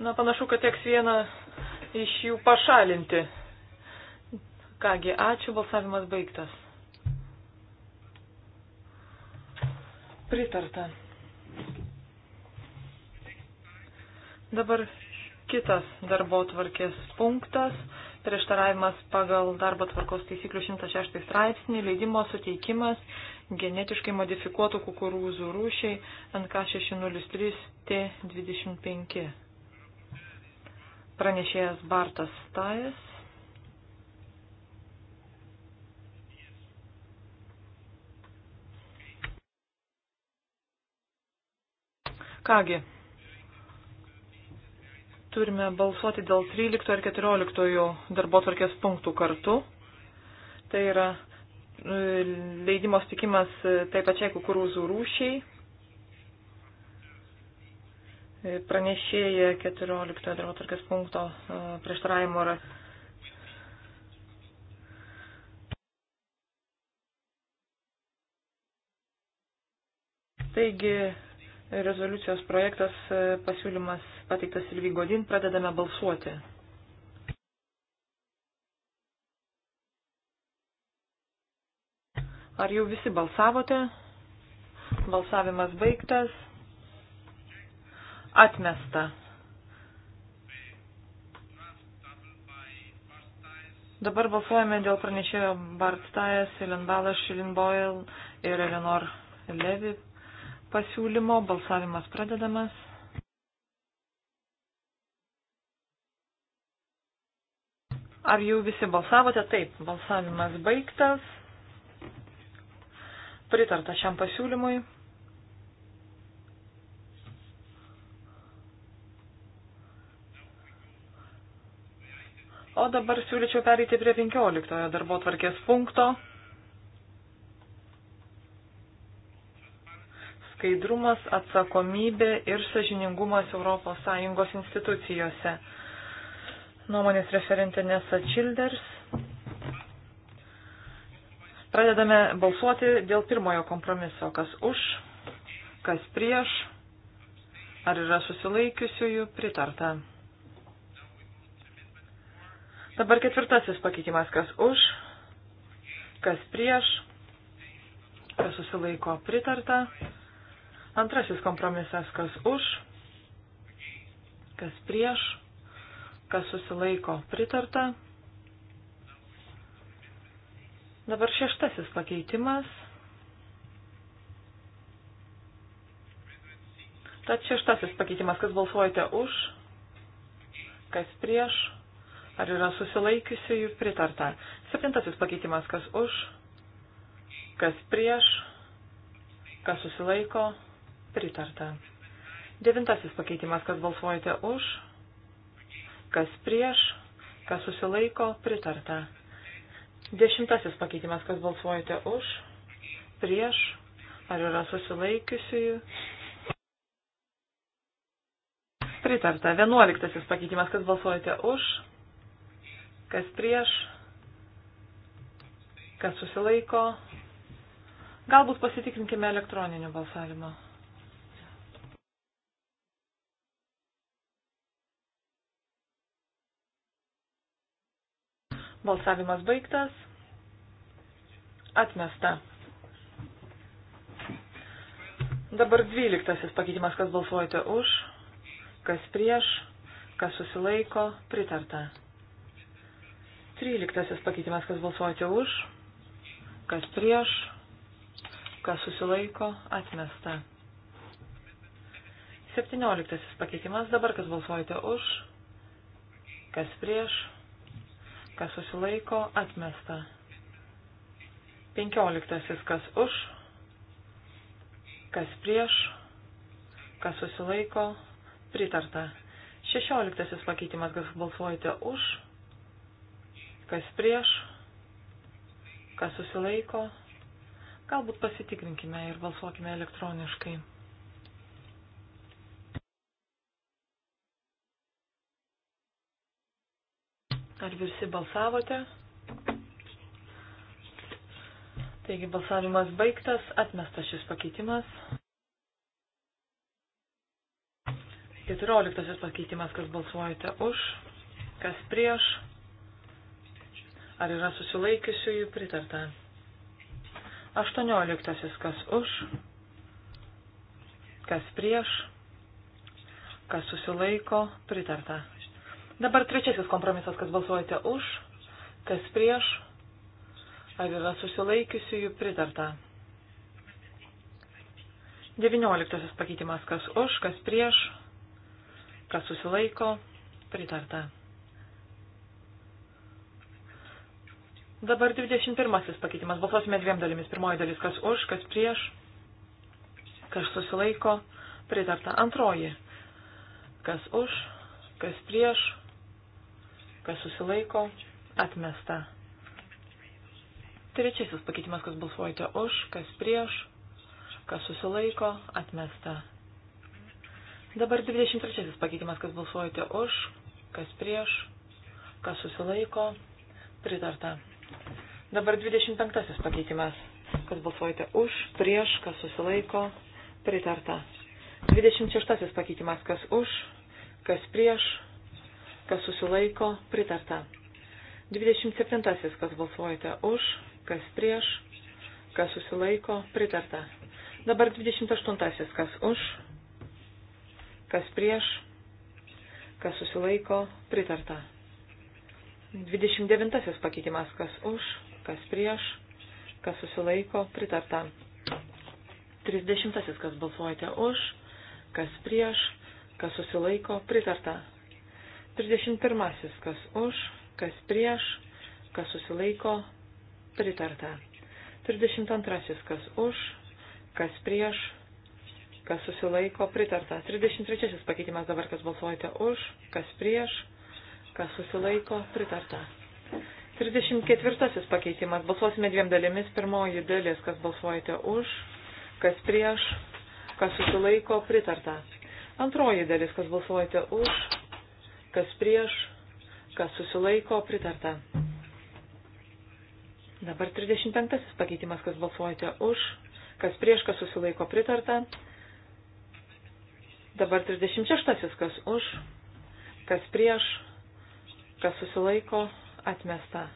Na, panašu, kad teks vieną iš jų pašalinti. Kągi, ačiū, balsavimas baigtas. Pritarta. Dabar kitas darbo tvarkės punktas - prieštaravimas pagal darbo tvarkos taisyklių 106 straipsnį, leidimo suteikimas genetiškai modifikuotų kukurūzų rūšiai NK603T25. Pranešėjas Bartas Stajas. Kągi, turime balsuoti dėl 13 ir 14 darbo tvarkės punktų kartu. Tai yra e, leidimo stikimas e, taip pačiai kukurūzų rūšiai, pranešėja 14 darbotvarkės punkto e, prieštaravimo yra. Taigi, rezoliucijos projektas e, pasiūlymas pateiktas Silvi Godin, pradedame balsuoti. Ar jau visi balsavote? Balsavimas baigtas. Atmesta. Dabar balsuojame dėl pranešėjo Bartstajas, Elenbalas, Šilinboil ir Elenor Levi pasiūlymo. Balsavimas pradedamas. Ar jau visi balsavote? Taip, balsavimas baigtas. Pritarta šiam pasiūlymui. O dabar siūlyčiau pereiti prie 15 darbo tvarkės punkto. Skaidrumas, atsakomybė ir sažiningumas ES institucijose. Nuomonės referentė Nesa Childers. Pradedame balsuoti dėl pirmojo kompromiso. Kas už, kas prieš, ar yra susilaikiusiųjų pritarta. Dabar ketvirtasis pakeitimas, kas už, kas prieš, kas susilaiko pritarta. Antrasis kompromisas, kas už, kas prieš, kas susilaiko pritarta. Dabar šeštasis pakeitimas. Tad šeštasis pakeitimas, kas balsuojate už, kas prieš, Ar yra susilaikiusių jų pritarta? Septintasis pakeitimas, kas už, kas prieš, kas susilaiko, pritarta. Devintasis pakeitimas, kas balsuojate už, kas prieš, kas susilaiko, pritarta. Dešimtasis pakeitimas, kas balsuojate už, prieš, ar yra susilaikiusiųjų. Pritarta. Vienuoliktasis pakeitimas, kas balsuojate už, kas prieš, kas susilaiko. Galbūt pasitikrinkime elektroninio balsavimo. Balsavimas baigtas. Atmesta. Dabar dvyliktasis pakeitimas, kas balsuojate už, kas prieš, kas susilaiko, pritarta. Tryliktasis pakeitimas, kas balsuojate už, kas prieš, kas susilaiko, atmesta. Septynioliktasis pakeitimas, dabar kas balsuojate už, kas prieš, kas susilaiko, atmesta. Penkioliktasis, kas už, kas prieš, kas susilaiko, pritarta. Šešioliktasis pakeitimas, kas balsuojate už, kas prieš, kas susilaiko. Galbūt pasitikrinkime ir balsuokime elektroniškai. Ar visi balsavote? Taigi balsavimas baigtas, atmestas šis pakeitimas. 14 pakeitimas, kas balsuojate už, kas prieš, Ar yra susilaikiusiųjų pritarta? 18. Kas už? Kas prieš? Kas susilaiko? Pritarta. Dabar trečiasis kompromisas, kas balsuojate už, kas prieš, ar yra susilaikiusiųjų pritarta. 19. pakeitimas, kas už, kas prieš, kas susilaiko, pritarta. Dabar 21 pakeitimas. Balsuosime dviem dalimis. Pirmoji dalis, kas už, kas prieš, kas susilaiko, pritarta. Antroji, kas už, kas prieš, kas susilaiko, atmesta. Trečiasis pakeitimas, kas balsuojate už, kas prieš, kas susilaiko, atmesta. Dabar 23 pakeitimas, kas balsuojate už, kas prieš, kas susilaiko, pritarta. Dabar 25 pakeitimas. Kas balsuojate už, prieš, kas susilaiko, pritarta. 26 pakeitimas. Kas už, kas prieš, kas susilaiko, pritarta. 27 kas balsuojate už, kas prieš, kas susilaiko, pritarta. Dabar 28 kas už, kas prieš, kas susilaiko, pritarta. 29 pakeitimas, kas už, kas prieš, kas susilaiko, pritarta. 30 kas balsuojate už, kas prieš, kas susilaiko, pritarta. 31 kas už, kas prieš, kas susilaiko, pritarta. 32 kas už, kas prieš, kas susilaiko, pritarta. 33 pakeitimas dabar, kas balsuojate už, kas prieš, kas susilaiko, pritarta. 34 pakeitimas. Balsuosime dviem dalimis. Pirmoji dalis, kas balsuojate už, kas prieš, kas susilaiko, pritarta. Antroji dalis, kas balsuojate už, kas prieš, kas susilaiko, pritarta. Dabar 35 pakeitimas, kas balsuojate už, kas prieš, kas susilaiko, pritarta. Dabar 36 kas už, kas prieš, kas susilaiko, atmesta.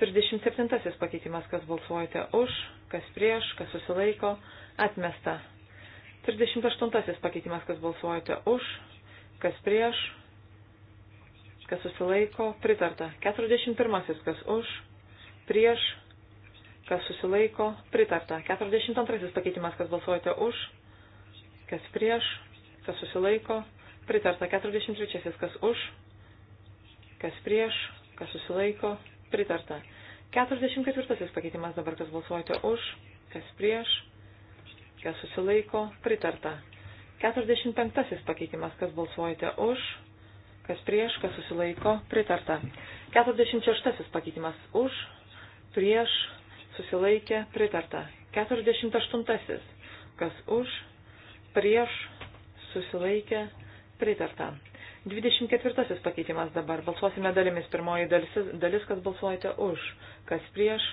37 pakeitimas, kas balsuojate už, kas prieš, kas susilaiko, atmesta. 38 pakeitimas, kas balsuojate už, kas prieš, kas susilaiko, pritarta. 41 kas už, prieš, kas susilaiko, pritarta. 42 pakeitimas, kas balsuojate už, kas prieš, kas susilaiko, pritarta. 43 kas už, kas prieš, kas susilaiko, pritarta. 44 pakeitimas dabar, kas balsuojate už, kas prieš, kas susilaiko, pritarta. 45 pakeitimas, kas balsuojate už, kas prieš, kas susilaiko, pritarta. 46 pakeitimas už, prieš, susilaikė, pritarta. 48 kas už, prieš, susilaikė, pritarta. 24 pakeitimas dabar. Balsuosime dalimis. Pirmoji dalis, dalis, kas balsuojate už, kas prieš,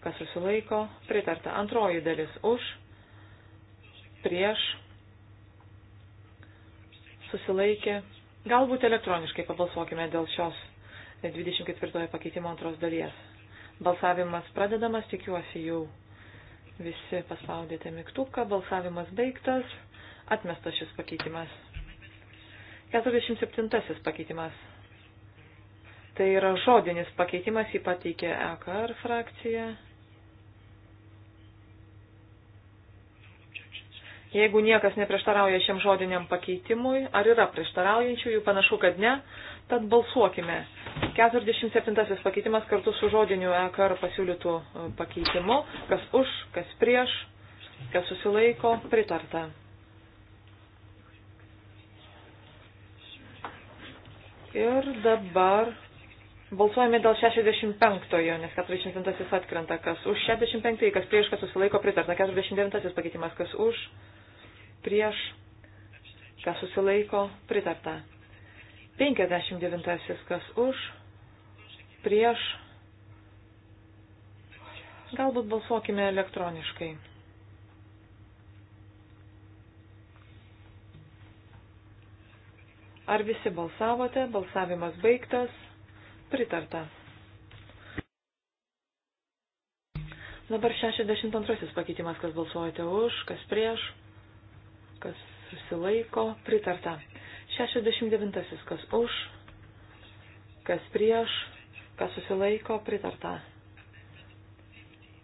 kas susilaiko, pritarta. Antroji dalis už, prieš, susilaikė. Galbūt elektroniškai pabalsuokime dėl šios 24 pakeitimo antros dalies. Balsavimas pradedamas, tikiuosi jau visi paspaudėte mygtuką, balsavimas baigtas, atmestas šis pakeitimas. 47 pakeitimas. Tai yra žodinis pakeitimas, jį pateikė EKR frakcija. Jeigu niekas neprieštarauja šiam žodiniam pakeitimui, ar yra prieštaraujančiųjų, panašu, kad ne, tad balsuokime. 47 pakeitimas kartu su žodiniu EKR pasiūlytų e, pakeitimu, kas už, kas prieš, kas susilaiko, pritarta. Ir dabar balsuojame dėl 65-ojo, nes 47-asis atkrenta, kas už 65-ąjį, kas prieš, kas susilaiko pritarta, 49-asis pakeitimas, kas už, prieš, kas susilaiko pritarta, 59-asis, kas už, prieš, galbūt balsuokime elektroniškai. Ar visi balsavote? Balsavimas baigtas. Pritarta. Dabar 62 pakeitimas, kas balsuojate už, kas prieš, kas susilaiko. Pritarta. 69 kas už, kas prieš, kas susilaiko. Pritarta.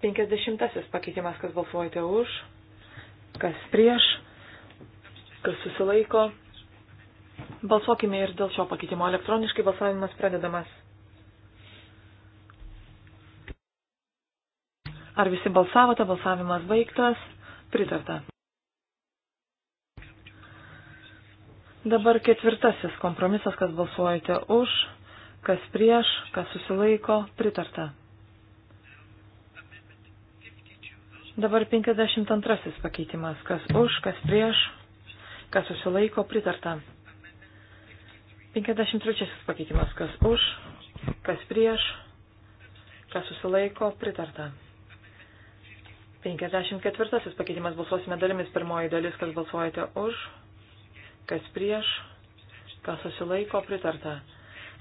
50 pakeitimas, kas balsuojate už, kas prieš, kas susilaiko. Balsuokime ir dėl šio pakeitimo. Elektroniškai balsavimas pradedamas. Ar visi balsavote? Balsavimas baigtas. Pritarta. Dabar ketvirtasis kompromisas, kas balsuojate už, kas prieš, kas susilaiko, pritarta. Dabar 52 pakeitimas, kas už, kas prieš, kas susilaiko, pritarta. 53 pakeitimas, kas už, kas prieš, kas susilaiko, pritarta. 54 pakeitimas balsuosime dalimis, pirmoji dalis, kas balsuojate už, kas prieš, kas susilaiko, pritarta.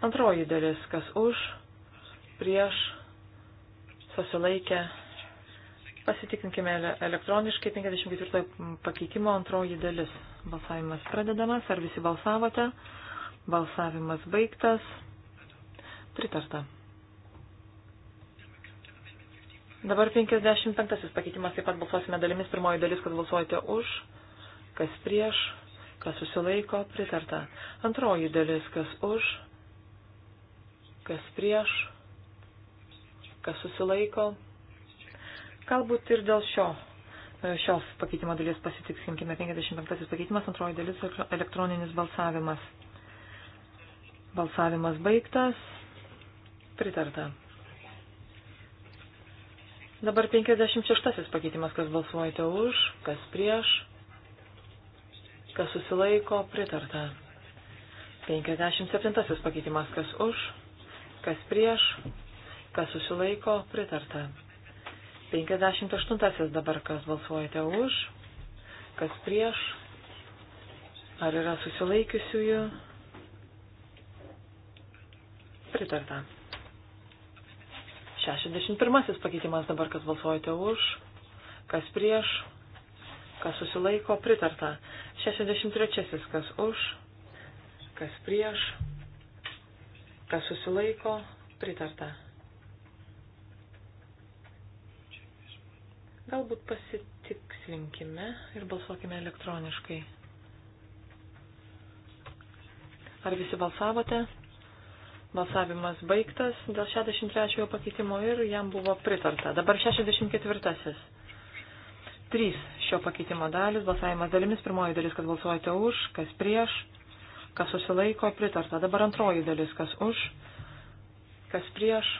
Antroji dalis, kas už, prieš, susilaikė, Pasitikrinkime elektroniškai 54 pakeitimo antroji dalis. Balsavimas pradedamas. Ar visi balsavote? Balsavimas baigtas. Pritarta. Dabar 55 pakeitimas taip pat balsuosime dalimis. Pirmoji dalis, kad balsuojate už, kas prieš, kas susilaiko, pritarta. Antroji dalis, kas už, kas prieš, kas susilaiko. Galbūt ir dėl šio, šios pakeitimo dalies pasitiksinkime. 55 pakeitimas, antroji dalis elektroninis balsavimas. Balsavimas baigtas. Pritarta. Dabar 56 pakeitimas, kas balsuojate už, kas prieš, kas susilaiko, pritarta. 57 pakeitimas, kas už, kas prieš, kas susilaiko, pritarta. 58 dabar, kas balsuojate už, kas prieš, ar yra susilaikiusiųjų Pritarta. 61 pakeitimas dabar, kas balsuojate už, kas prieš, kas susilaiko, pritarta. 63 kas už, kas prieš, kas susilaiko, pritarta. Galbūt pasitikslinkime ir balsuokime elektroniškai. Ar visi balsavote? Balsavimas baigtas dėl 63 pakeitimo ir jam buvo pritarta. Dabar 64. Trys šio pakeitimo dalis, balsavimas dalimis, pirmoji dalis, kad balsuojate už, kas prieš, kas susilaiko, pritarta. Dabar antroji dalis, kas už, kas prieš,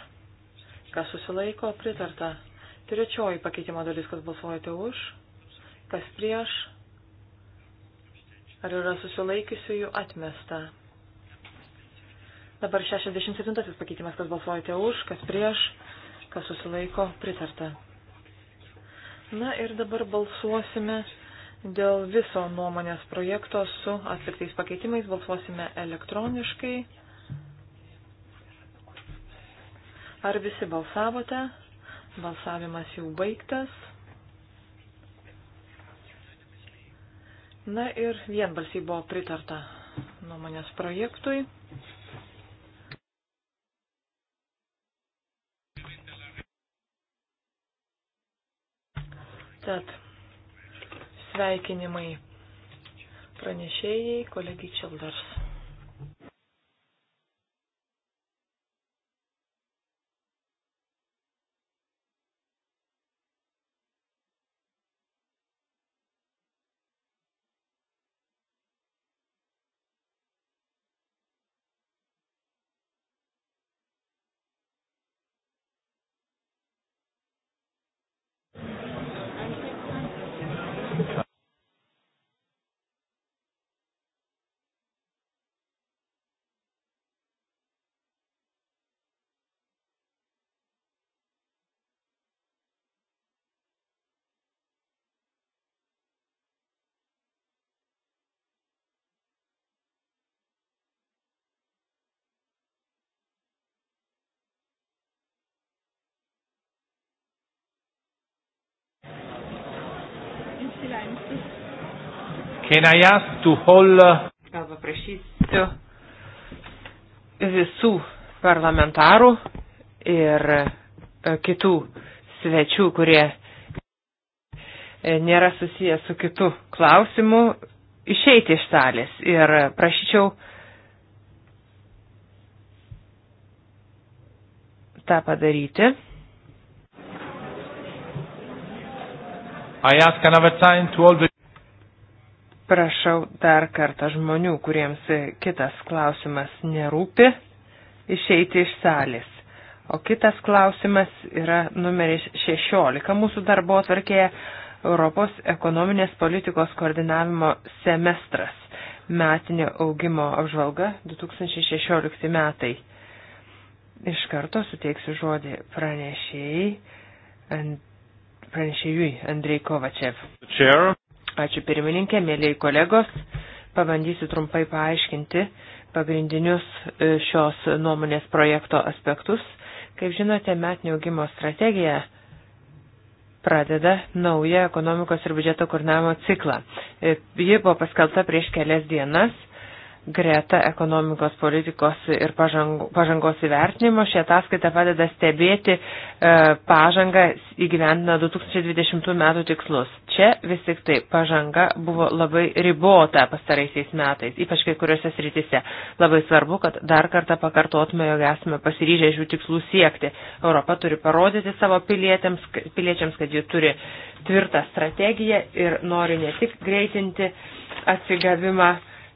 kas susilaiko, pritarta. Trečioji pakeitimo dalis, kad balsuojate už, kas prieš, ar yra susilaikiusiųjų atmesta. Dabar 67 pakeitimas, kas balsuojate už, kas prieš, kas susilaiko, pritarta. Na ir dabar balsuosime dėl viso nuomonės projekto su atliktais pakeitimais, balsuosime elektroniškai. Ar visi balsavote? Balsavimas jau baigtas. Na ir vienbalsiai buvo pritarta nuomonės projektui. Tad sveikinimai pranešėjai, kolegiai Čildars. Can I ask to hold... Uh, Gal paprašysiu visų parlamentarų ir uh, kitų svečių, kurie uh, nėra susiję su kitu klausimu, išeiti iš salės. Ir prašyčiau tą padaryti. I ask another time to all the Prašau dar kartą žmonių, kuriems kitas klausimas nerūpi, išeiti iš salės. O kitas klausimas yra numeris 16 mūsų darbo atvarkėje Europos ekonominės politikos koordinavimo semestras metinio augimo apžvalga 2016 metai. Iš karto suteiksiu žodį pranešėjai, pranešėjui Andrei Kovačev. Chair. Ačiū pirmininkė, mėlyjei kolegos. Pabandysiu trumpai paaiškinti pagrindinius e, šios nuomonės projekto aspektus. Kaip žinote, metinio augimo strategija pradeda naują ekonomikos ir biudžeto kurnavimo ciklą. E, ji buvo paskelta prieš kelias dienas. Greta ekonomikos politikos ir pažangos įvertinimo šią ataskaitą padeda stebėti e, pažangą įgyvendina 2020 metų tikslus. Čia vis tik tai pažanga buvo labai ribota pastaraisiais metais, ypač kai kuriuose sritise. Labai svarbu, kad dar kartą pakartotume, jog esame pasiryžę šių tikslų siekti. Europa turi parodyti savo piliečiams, kad ji turi tvirtą strategiją ir nori ne tik greitinti atsigavimą,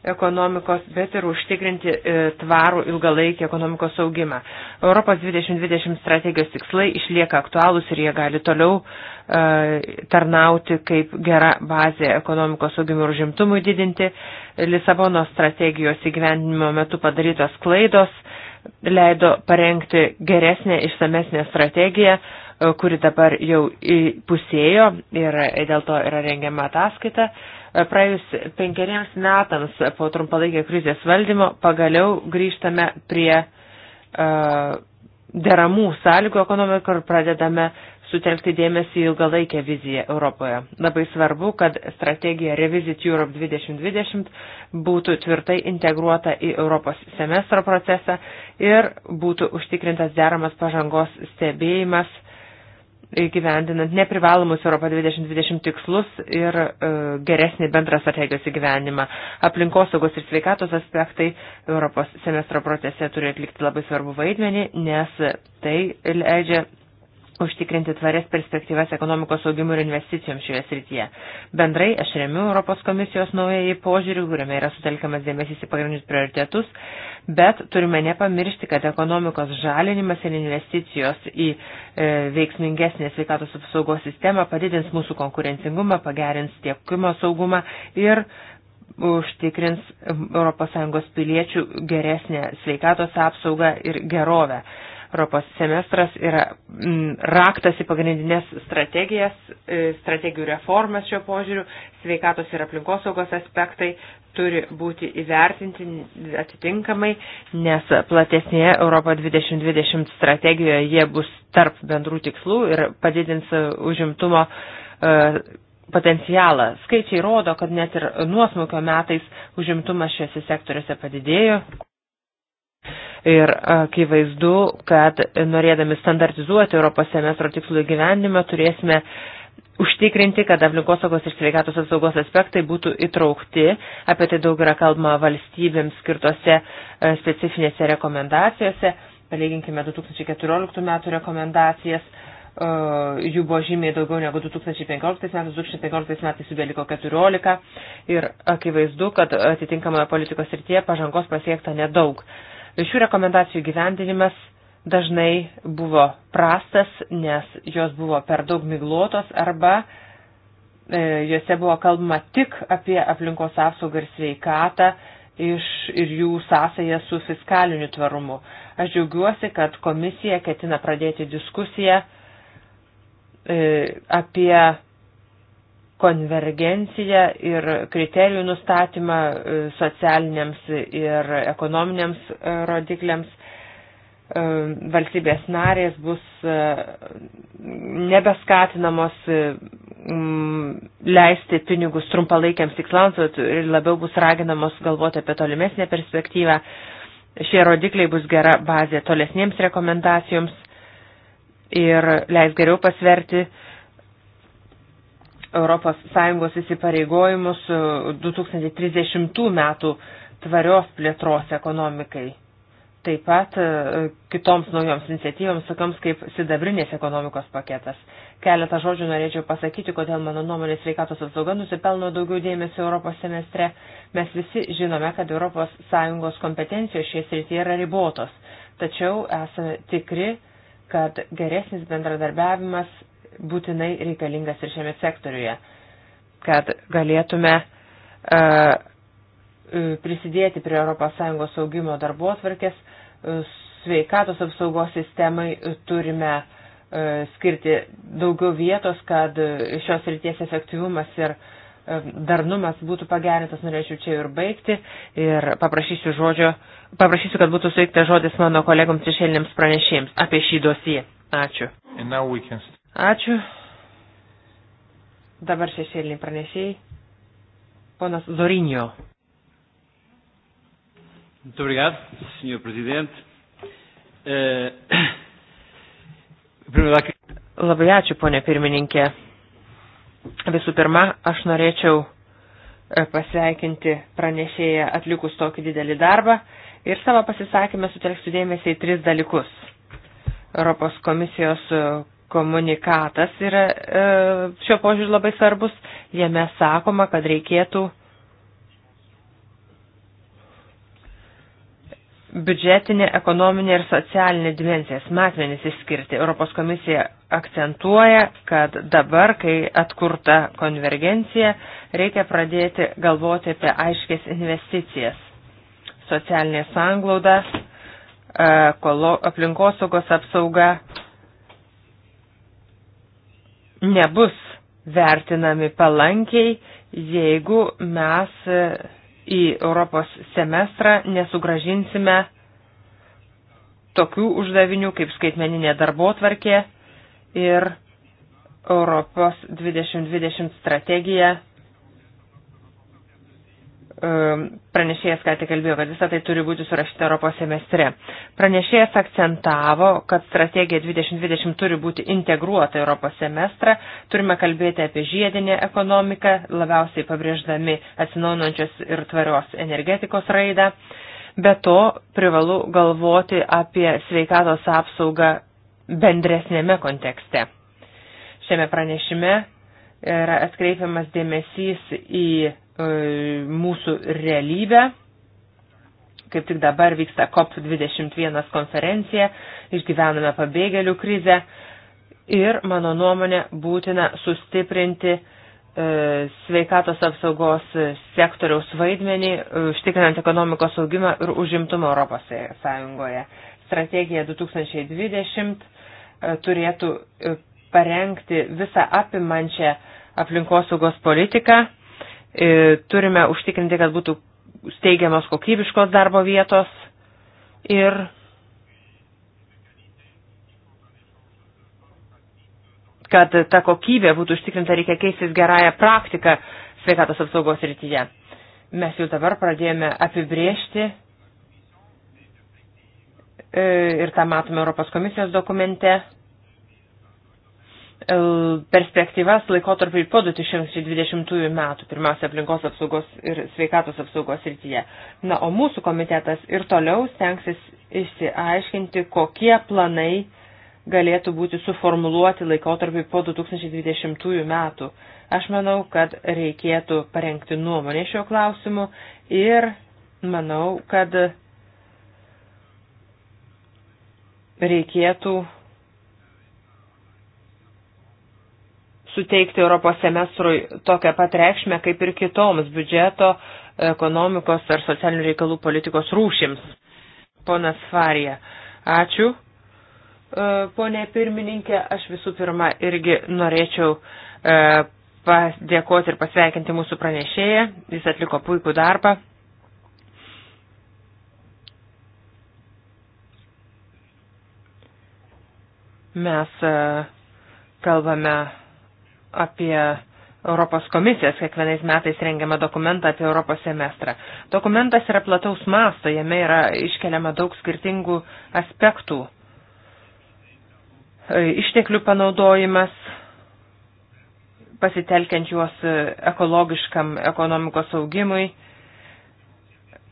ekonomikos, bet ir užtikrinti e, tvarų ilgalaikį ekonomikos augimą. Europos 2020 strategijos tikslai išlieka aktualūs ir jie gali toliau e, tarnauti kaip gera bazė ekonomikos augimų ir žimtumui didinti. Lisabono strategijos įgyvendinimo metu padarytos klaidos leido parengti geresnę, išsamesnę strategiją, e, kuri dabar jau pusėjo ir dėl to yra rengiama ataskaita. Praėjus penkeriems metams po trumpalaikio krizės valdymo pagaliau grįžtame prie uh, deramų sąlygų ekonomikų ir pradedame sutelkti dėmesį į ilgalaikę viziją Europoje. Labai svarbu, kad strategija Revisit Europe 2020 būtų tvirtai integruota į Europos semestro procesą ir būtų užtikrintas deramas pažangos stebėjimas įgyvendinant neprivalomus Europą 2020 tikslus ir e, geresnį bendrą strategijos įgyvenimą. Aplinkosaugos ir sveikatos aspektai Europos semestro procese turi atlikti labai svarbu vaidmenį, nes tai leidžia užtikrinti tvarias perspektyvas ekonomikos augimų ir investicijoms šioje srityje. Bendrai aš remiu Europos komisijos naująjį požiūrį, kuriame yra sutelkiamas dėmesys į pagrindinius prioritetus, Bet turime nepamiršti, kad ekonomikos žalinimas ir investicijos į e, veiksmingesnę sveikatos apsaugos sistemą padidins mūsų konkurencingumą, pagerins tiekimo saugumą ir užtikrins ES piliečių geresnę sveikatos apsaugą ir gerovę. Europos semestras yra mm, raktas į pagrindinės strategijas, e, strategijų reformas šio požiūriu, sveikatos ir aplinkosaugos aspektai turi būti įvertinti atitinkamai, nes platesnėje Europo 2020 strategijoje jie bus tarp bendrų tikslų ir padidins užimtumo e, potencialą. Skaičiai rodo, kad net ir nuosmukio metais užimtumas šiuose sektoriuose padidėjo. Ir akivaizdu, kad norėdami standartizuoti Europos semestro tikslų įgyvendimą turėsime užtikrinti, kad aplinkosaugos ir sveikatos apsaugos aspektai būtų įtraukti, apie tai daug yra kalbama valstybėms skirtose e, specifinėse rekomendacijose, palyginkime 2014 metų rekomendacijas, e, jų buvo žymiai daugiau negu 2015 metais, 2015 metais jų beliko 14 ir akivaizdu, kad atitinkamoje politikos srityje pažangos pasiekta nedaug. Šių rekomendacijų gyvendinimas dažnai buvo prastas, nes jos buvo per daug miglotos arba e, juose buvo kalbama tik apie aplinkos apsaugą ir sveikatą iš, ir jų sąsąją su fiskaliniu tvarumu. Aš džiaugiuosi, kad komisija ketina pradėti diskusiją e, apie konvergenciją ir kriterijų nustatymą e, socialiniams ir ekonominiams e, rodikliams e, valstybės narės bus nebeskatinamos leisti pinigus trumpalaikiams tikslams ir labiau bus raginamos galvoti apie tolimesnę perspektyvą. Šie rodikliai bus gera bazė tolesniems rekomendacijoms ir leis geriau pasverti uh, ES įsipareigojimus 2030 e, metų tvarios plėtros ekonomikai. Taip pat e, kitoms naujoms iniciatyvoms, tokioms kaip sidabrinės ekonomikos paketas. Keletą žodžių norėčiau pasakyti, kodėl mano nuomonės sveikatos apsauga nusipelno daugiau dėmesio Europos semestre. Mes visi žinome, kad ES kompetencijos šie srityje yra ribotos, tačiau esame tikri, kad geresnis bendradarbiavimas būtinai reikalingas ir šiame sektoriuje, kad galėtume e, e, prisidėti prie ES augimo darbosvarkės, e, sveikatos apsaugos sistemai turime skirti daugiau vietos, kad šios ryties efektyvumas ir darnumas būtų pagerintas, norėčiau čia ir baigti ir paprašysiu žodžio, paprašysiu, kad būtų suveiktas žodis mano kolegoms šešėlinėms pranešėjams apie šį dosiją. Ačiū. Ačiū. Dabar šešėliniai pranešėjai. Ponas Zorinio. Muito obrigado, Sr. Presidente. Uh, Labai ačiū, ponė pirmininkė. Visų pirma, aš norėčiau e, pasveikinti pranešėją atlikus tokį didelį darbą ir savo pasisakymę sutelksiu dėmesį į tris dalykus. Europos komisijos e, komunikatas yra e, šio požiūrį labai svarbus. Jame sakoma, kad reikėtų biudžetinė, ekonominė ir socialinė dimensijas matmenis išskirti. Europos komisija akcentuoja, kad dabar, kai atkurta konvergencija, reikia pradėti galvoti apie aiškės investicijas. Socialinė sanglauda, e, aplinkosaugos apsauga, nebus vertinami palankiai, jeigu mes e, į Europos semestrą nesugražinsime tokių uždavinių kaip skaitmeninė darbo tvarkė ir Europos 2020 strategija Ehm, pranešėjas ką tik kalbėjo, kad visą tai turi būti surašyta Europos semestre. Pranešėjas akcentavo, kad strategija 2020 turi būti integruota Europos semestrą, turime kalbėti apie žiedinę ekonomiką, labiausiai pabrėždami atsinaujančios ir tvarios energetikos raidą. Be to, privalu galvoti apie sveikatos apsaugą bendresnėme kontekste. Šiame pranešime yra atkreipiamas dėmesys į E, mūsų realybę. Kaip tik dabar vyksta COP21 konferencija, išgyvename pabėgėlių krizę ir, mano nuomonė, būtina sustiprinti e, sveikatos apsaugos sektoriaus vaidmenį, e, užtikrinant ekonomikos augimą ir užimtumą Europos Sąjungoje. Strategija 2020 turėtų parengti visą apimančią aplinkosaugos politiką E, turime užtikrinti, kad būtų steigiamos kokybiškos darbo vietos ir kad ta kokybė būtų užtikrinta, reikia keistis gerąją praktiką sveikatos apsaugos rytyje. Mes jau dabar pradėjome apibriežti e, ir tą matome Europos komisijos dokumente E, perspektyvas laikotarpį po 2020 metų, pirmiausia, aplinkos apsaugos ir sveikatos apsaugos rytyje. Na, o mūsų komitetas ir toliau stengsis išsiaiškinti, kokie planai galėtų būti suformuluoti laikotarpį po 2020 metų. Aš manau, kad reikėtų parengti nuomonę šio klausimu ir manau, kad reikėtų suteikti Europos semestrui tokią pat reikšmę kaip ir kitoms biudžeto, ekonomikos ar socialinių reikalų politikos rūšims. Ponas Farija, ačiū. E, Pone pirmininkė, aš visų pirma irgi norėčiau e, padėkoti ir pasveikinti mūsų pranešėją. Jis atliko puikų darbą. Mes e, kalbame apie Europos komisijos kiekvienais metais rengiamą dokumentą apie Europos semestrą. Dokumentas yra plataus masto, jame yra iškeliama daug skirtingų aspektų. E, išteklių panaudojimas, pasitelkiant juos ekologiškam ekonomikos augimui,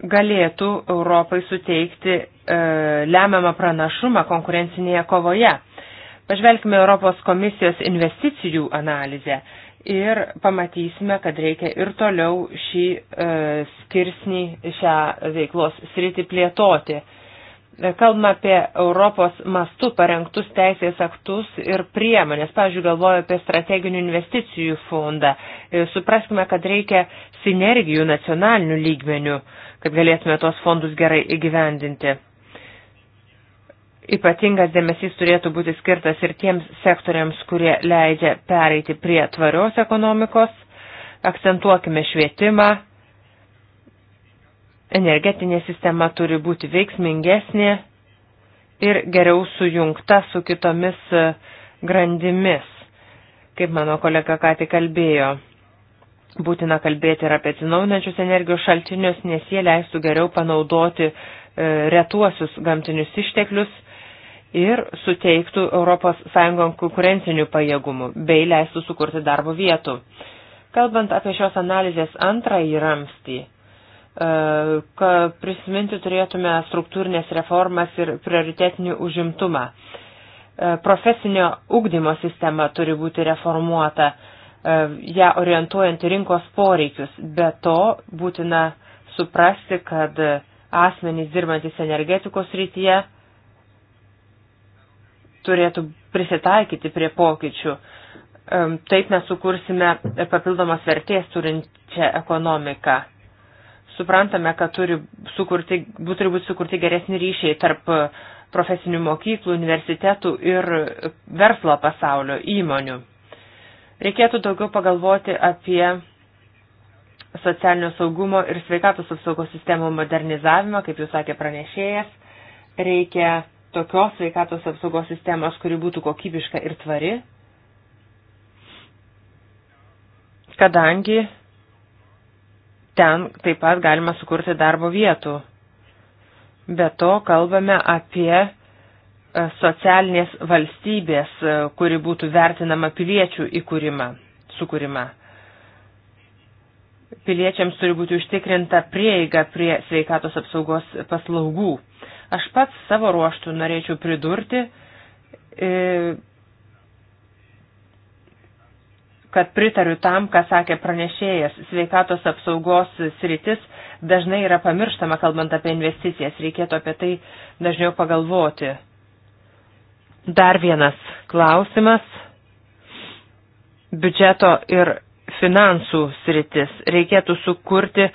galėtų Europai suteikti e, lemiamą pranašumą konkurencinėje kovoje Pažvelkime Europos komisijos investicijų analizę ir pamatysime, kad reikia ir toliau šį e, skirsnį, šią veiklos sritį plėtoti. E, kalbame apie Europos mastų parengtus teisės aktus ir priemonės. Pavyzdžiui, galvoju apie strateginių investicijų fondą. E, supraskime, kad reikia sinergijų nacionalinių lygmenių, kad galėtume tos fondus gerai įgyvendinti. Ypatingas dėmesys turėtų būti skirtas ir tiems sektoriams, kurie leidžia pereiti prie tvarios ekonomikos. Akcentuokime švietimą. Energetinė sistema turi būti veiksmingesnė ir geriau sujungta su kitomis e, grandimis, kaip mano kolega ką tik kalbėjo. Būtina kalbėti ir apie atsinaujinančius energijos šaltinius, nes jie leistų geriau panaudoti e, retuosius gamtinius išteklius ir suteiktų ES konkurencinių pajėgumų bei leistų sukurti darbo vietų. Kalbant apie šios analizės antrąjį ramstį, e, prisiminti turėtume struktūrinės reformas ir prioritetinių užimtumą. E, profesinio ugdymo sistema turi būti reformuota, e, ją orientuojant į rinkos poreikius. Be to būtina suprasti, kad asmenys dirbantis energetikos rytyje turėtų prisitaikyti prie pokyčių. Taip mes sukursime papildomas vertės turinčią ekonomiką. Suprantame, kad turi, sukurti, turi būti sukurti geresni ryšiai tarp profesinių mokyklų, universitetų ir verslo pasaulio įmonių. Reikėtų daugiau pagalvoti apie socialinio saugumo ir sveikatos apsaugos sistemų modernizavimą, kaip jūs sakė pranešėjas. Reikia tokios sveikatos apsaugos sistemos, kuri būtų kokybiška ir tvari, kadangi ten taip pat galima sukurti darbo vietų. Be to kalbame apie e, socialinės valstybės, e, kuri būtų vertinama piliečių įkūrimą, sukūrimą piliečiams turi būti užtikrinta prieiga prie sveikatos apsaugos paslaugų. Aš pats savo ruoštų norėčiau pridurti, e, kad pritariu tam, ką sakė pranešėjas. Sveikatos apsaugos sritis dažnai yra pamirštama, kalbant apie investicijas. Reikėtų apie tai dažniau pagalvoti. Dar vienas klausimas. Biudžeto ir finansų sritis. Reikėtų sukurti e,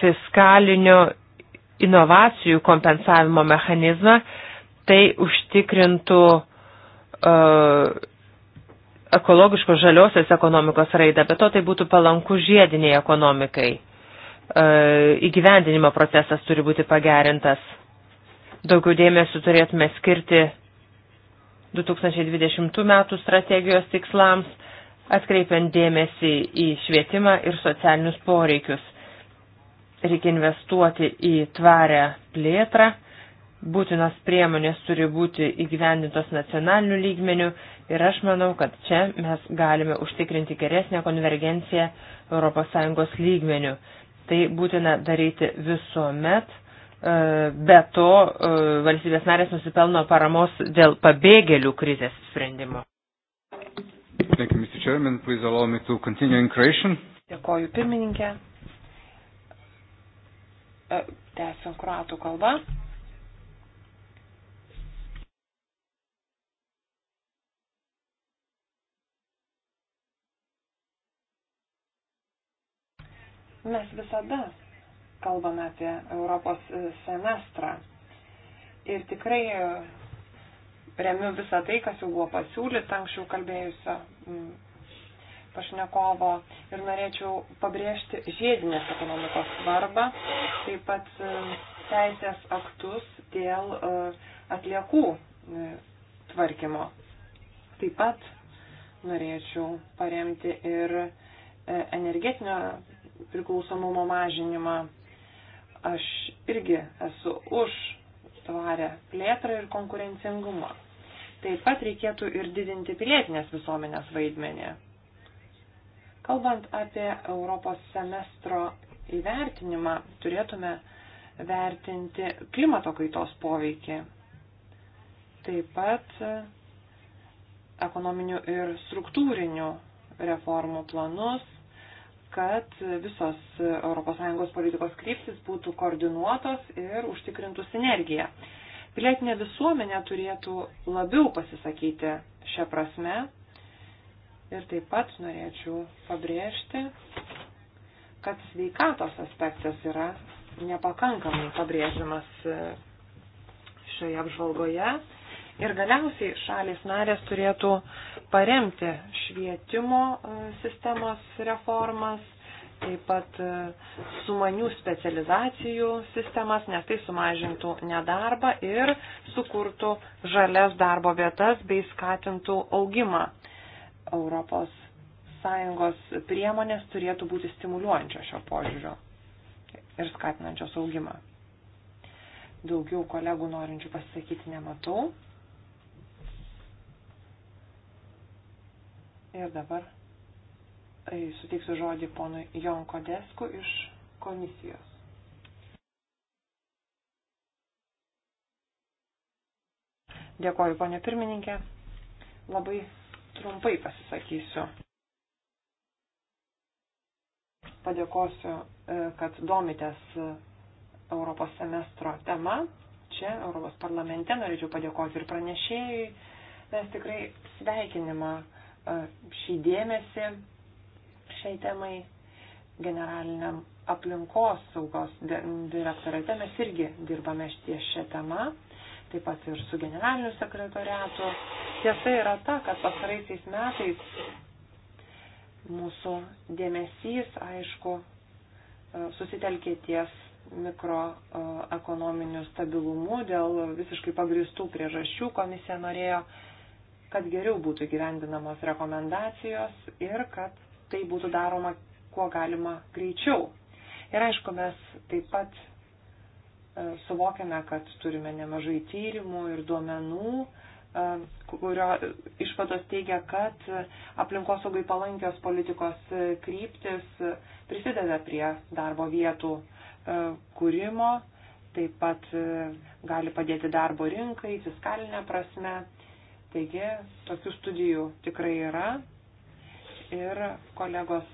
fiskalinio inovacijų kompensavimo mechanizmą, tai užtikrintų e, ekologiškos žaliosios ekonomikos raidą, bet to tai būtų palanku žiediniai ekonomikai. E, įgyvendinimo procesas turi būti pagerintas. Daugiau dėmesio turėtume skirti 2020 metų strategijos tikslams atkreipiant dėmesį į švietimą ir socialinius poreikius. Reikia investuoti į tvarę plėtrą, būtinos priemonės turi būti įgyvendintos nacionaliniu lygmeniu ir aš manau, kad čia mes galime užtikrinti geresnę konvergenciją ES lygmeniu. Tai būtina daryti visuomet. E, be to, e, valstybės narės nusipelno paramos dėl pabėgėlių krizės sprendimo. Thank you, Mr. Chairman. Please allow me to continue in Croatian. Dėkoju pirmininkė. E, Tęsiu kruatų kalbą. Mes visada kalbame apie Europos semestrą. Ir tikrai remiu visą tai, kas jau buvo pasiūlyta anksčiau kalbėjusio Mm, pašnekovo ir norėčiau pabrėžti žiedinės ekonomikos svarbą, taip pat e, teisės aktus dėl e, atliekų e, tvarkymo. Taip pat norėčiau paremti ir energetinio priklausomumo mažinimą. Aš irgi esu už tvarę plėtrą ir konkurencingumą. Taip pat reikėtų ir didinti pilietinės visuomenės vaidmenį. Kalbant apie Europos semestro įvertinimą, turėtume vertinti klimato kaitos poveikį, taip pat ekonominių ir struktūrinių reformų planus, kad visos ES politikos kryptis būtų koordinuotos ir užtikrintų sinergiją. Pilietinė visuomenė turėtų labiau pasisakyti šią prasme. Ir taip pat norėčiau pabrėžti, kad sveikatos aspektas yra nepakankamai pabrėžiamas e, šioje apžvalgoje. Ir galiausiai šalis narės turėtų paremti švietimo e, sistemos reformas, taip pat e, sumanių specializacijų sistemas, nes tai sumažintų nedarbą ir sukurtų žalias darbo vietas bei skatintų augimą. Europos Sąjungos priemonės turėtų būti stimuliuojančios šio požiūrio ir skatinančios augimą. Daugiau kolegų norinčių pasisakyti nematau. Ir dabar Tai suteiksiu žodį ponui Jonko Desku iš komisijos. Dėkoju, ponė pirmininkė. Labai trumpai pasisakysiu. Padėkosiu, e, kad domitės e, Europos semestro tema. Čia, Europos parlamente, norėčiau padėkoti ir pranešėjai. Mes tikrai sveikinimą e, šį dėmesį šiai temai generaliniam aplinkos saugos direktorate mes irgi dirbame ties šią temą, taip pat ir su generaliniu sekretoriatu. Tiesa yra ta, kad pasaraisiais metais mūsų dėmesys, aišku, e, susitelkė ties mikroekonominiu e, stabilumu dėl visiškai pagristų priežasčių komisija norėjo, kad geriau būtų gyvendinamos rekomendacijos ir kad tai būtų daroma kuo galima greičiau. Ir aišku, mes taip pat e, suvokiame, kad turime nemažai tyrimų ir duomenų, e, kurio išvados teigia, kad aplinkosaugai palankios politikos e, kryptis prisideda prie darbo vietų kūrimo, taip pat gali padėti darbo rinkai, fiskalinė prasme. Taigi, tokių studijų tikrai yra ir kolegos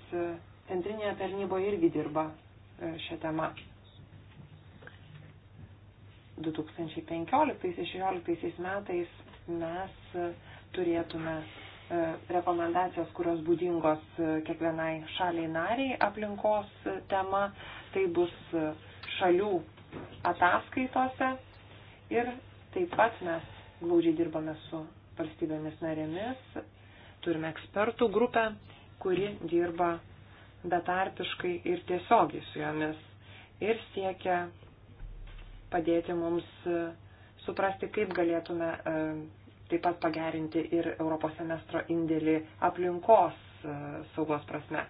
centrinėje tarnyboje irgi dirba šią temą. 2015-2016 metais mes turėtume e, rekomendacijas, kurios būdingos e, kiekvienai šaliai nariai aplinkos tema. Tai bus e, šalių ataskaitose ir taip pat mes glaudžiai dirbame su valstybėmis narėmis turime ekspertų grupę, kuri dirba betarpiškai ir tiesiogiai su jomis ir siekia padėti mums e, suprasti, kaip galėtume e, taip pat pagerinti ir Europos semestro indėlį aplinkos e, saugos prasme.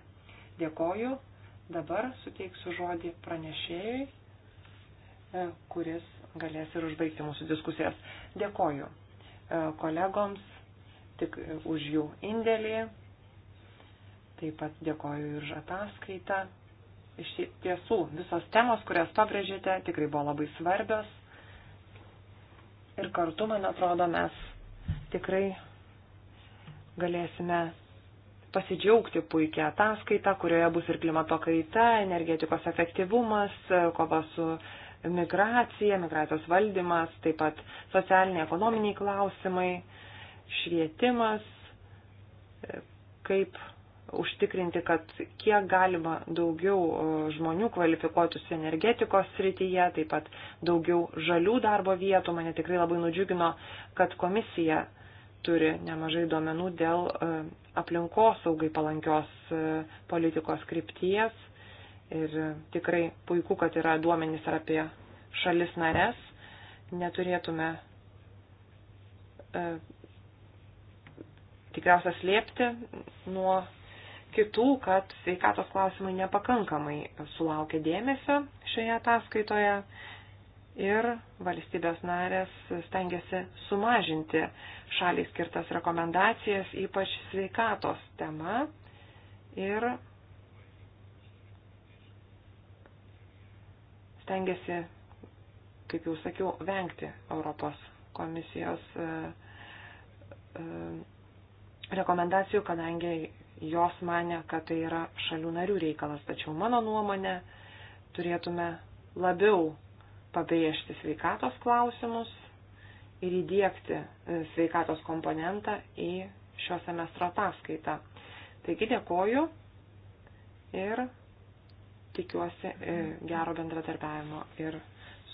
Dėkoju. Dabar suteiksiu žodį pranešėjui, kuris galės ir užbaigti mūsų diskusijas. Dėkoju kolegoms tik už jų indėlį. Taip pat dėkoju ir ataskaitą. Iš tiesų, visos temos, kurias pabrėžėte, tikrai buvo labai svarbios. Ir kartu, man atrodo, mes tikrai galėsime pasidžiaugti puikia ataskaita, kurioje bus ir klimato kaita, energetikos efektyvumas, kova su migracija, migracijos valdymas, taip pat socialiniai, ekonominiai klausimai švietimas, e, kaip užtikrinti, kad kiek galima daugiau e, žmonių kvalifikuotųsi energetikos srityje, taip pat daugiau žalių darbo vietų. Mane tikrai labai nudžiugino, kad komisija turi nemažai duomenų dėl e, aplinkos saugai palankios politikos krypties. Ir tikrai puiku, kad yra duomenys ir apie šalis nares. Neturėtume tikriausia slėpti nuo kitų, kad sveikatos klausimai nepakankamai sulaukia dėmesio šioje ataskaitoje ir valstybės narės stengiasi sumažinti šaliai skirtas rekomendacijas, ypač sveikatos tema. Ir stengiasi, kaip jau sakiau, vengti Europos komisijos. Uh, uh, rekomendacijų, kadangi jos mane, kad tai yra šalių narių reikalas. Tačiau mano nuomonė, turėtume labiau pabrėžti sveikatos klausimus ir įdėkti e, sveikatos komponentą į šio semestro ataskaitą. Taigi dėkoju ir tikiuosi e, gero bendradarbiavimo ir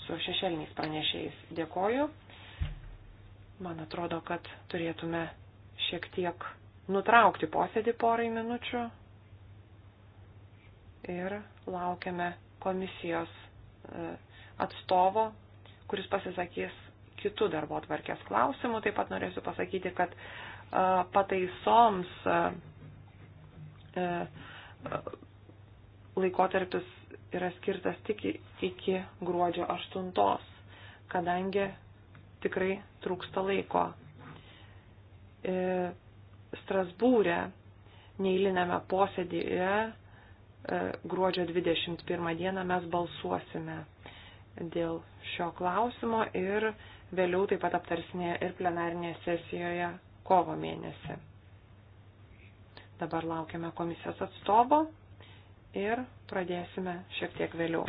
su šešeliniais pranešėjais. Dėkoju. Man atrodo, kad turėtume šiek tiek nutraukti posėdį porai minučių ir laukiame komisijos e, atstovo, kuris pasisakys kitų darbo atvarkės klausimų. Taip pat norėsiu pasakyti, kad e, pataisoms e, laikotarpis yra skirtas tik iki gruodžio 8, kadangi tikrai trūksta laiko E, Strasbūrė neįlinėme posėdėje e, gruodžio 21 dieną mes balsuosime dėl šio klausimo ir vėliau taip pat aptarsime ir plenarinėje sesijoje kovo mėnesį. Dabar laukiame komisijos atstovo ir pradėsime šiek tiek vėliau.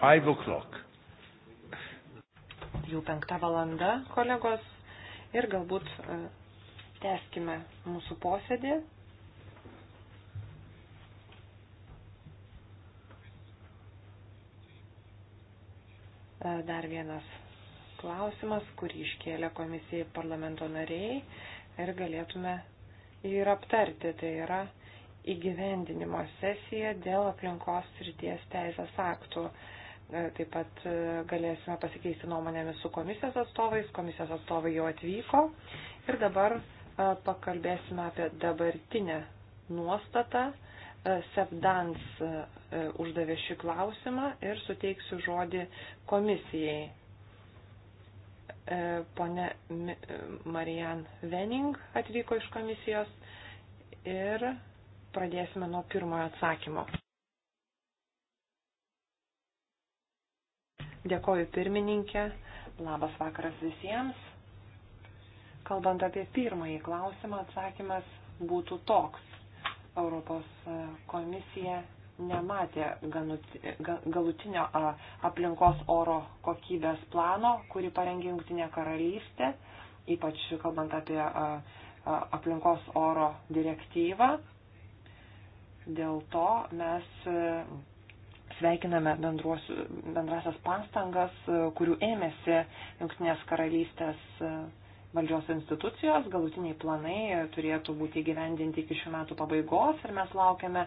5 o'clock. Jau penkta valanda, kolegos, ir galbūt e, tęskime mūsų posėdį. E, dar vienas klausimas, kurį iškėlė komisijai parlamento nariai ir galėtume ir aptarti. Tai yra įgyvendinimo sesija dėl aplinkos srities teisės aktų. E, taip pat e, galėsime pasikeisti nuomonėmis su komisijos atstovais. Komisijos atstovai jau atvyko. Ir dabar e, pakalbėsime apie dabartinę nuostatą. Sevdans uždavė šį klausimą ir suteiksiu žodį komisijai. Pone Marian Vening atvyko iš komisijos ir pradėsime nuo pirmojo atsakymo. Dėkoju pirmininkė. Labas vakaras visiems. Kalbant apie pirmąjį klausimą, atsakymas būtų toks. Europos e, komisija nematė galutinio aplinkos oro kokybės plano, kurį parengė Junktinė karalystė, ypač kalbant apie aplinkos oro direktyvą. Dėl to mes e, Sveikiname bendrasias pastangas, kurių ėmėsi Junktinės karalystės e, valdžios institucijos. Galutiniai planai turėtų būti gyvendinti iki šių metų pabaigos ir mes laukiame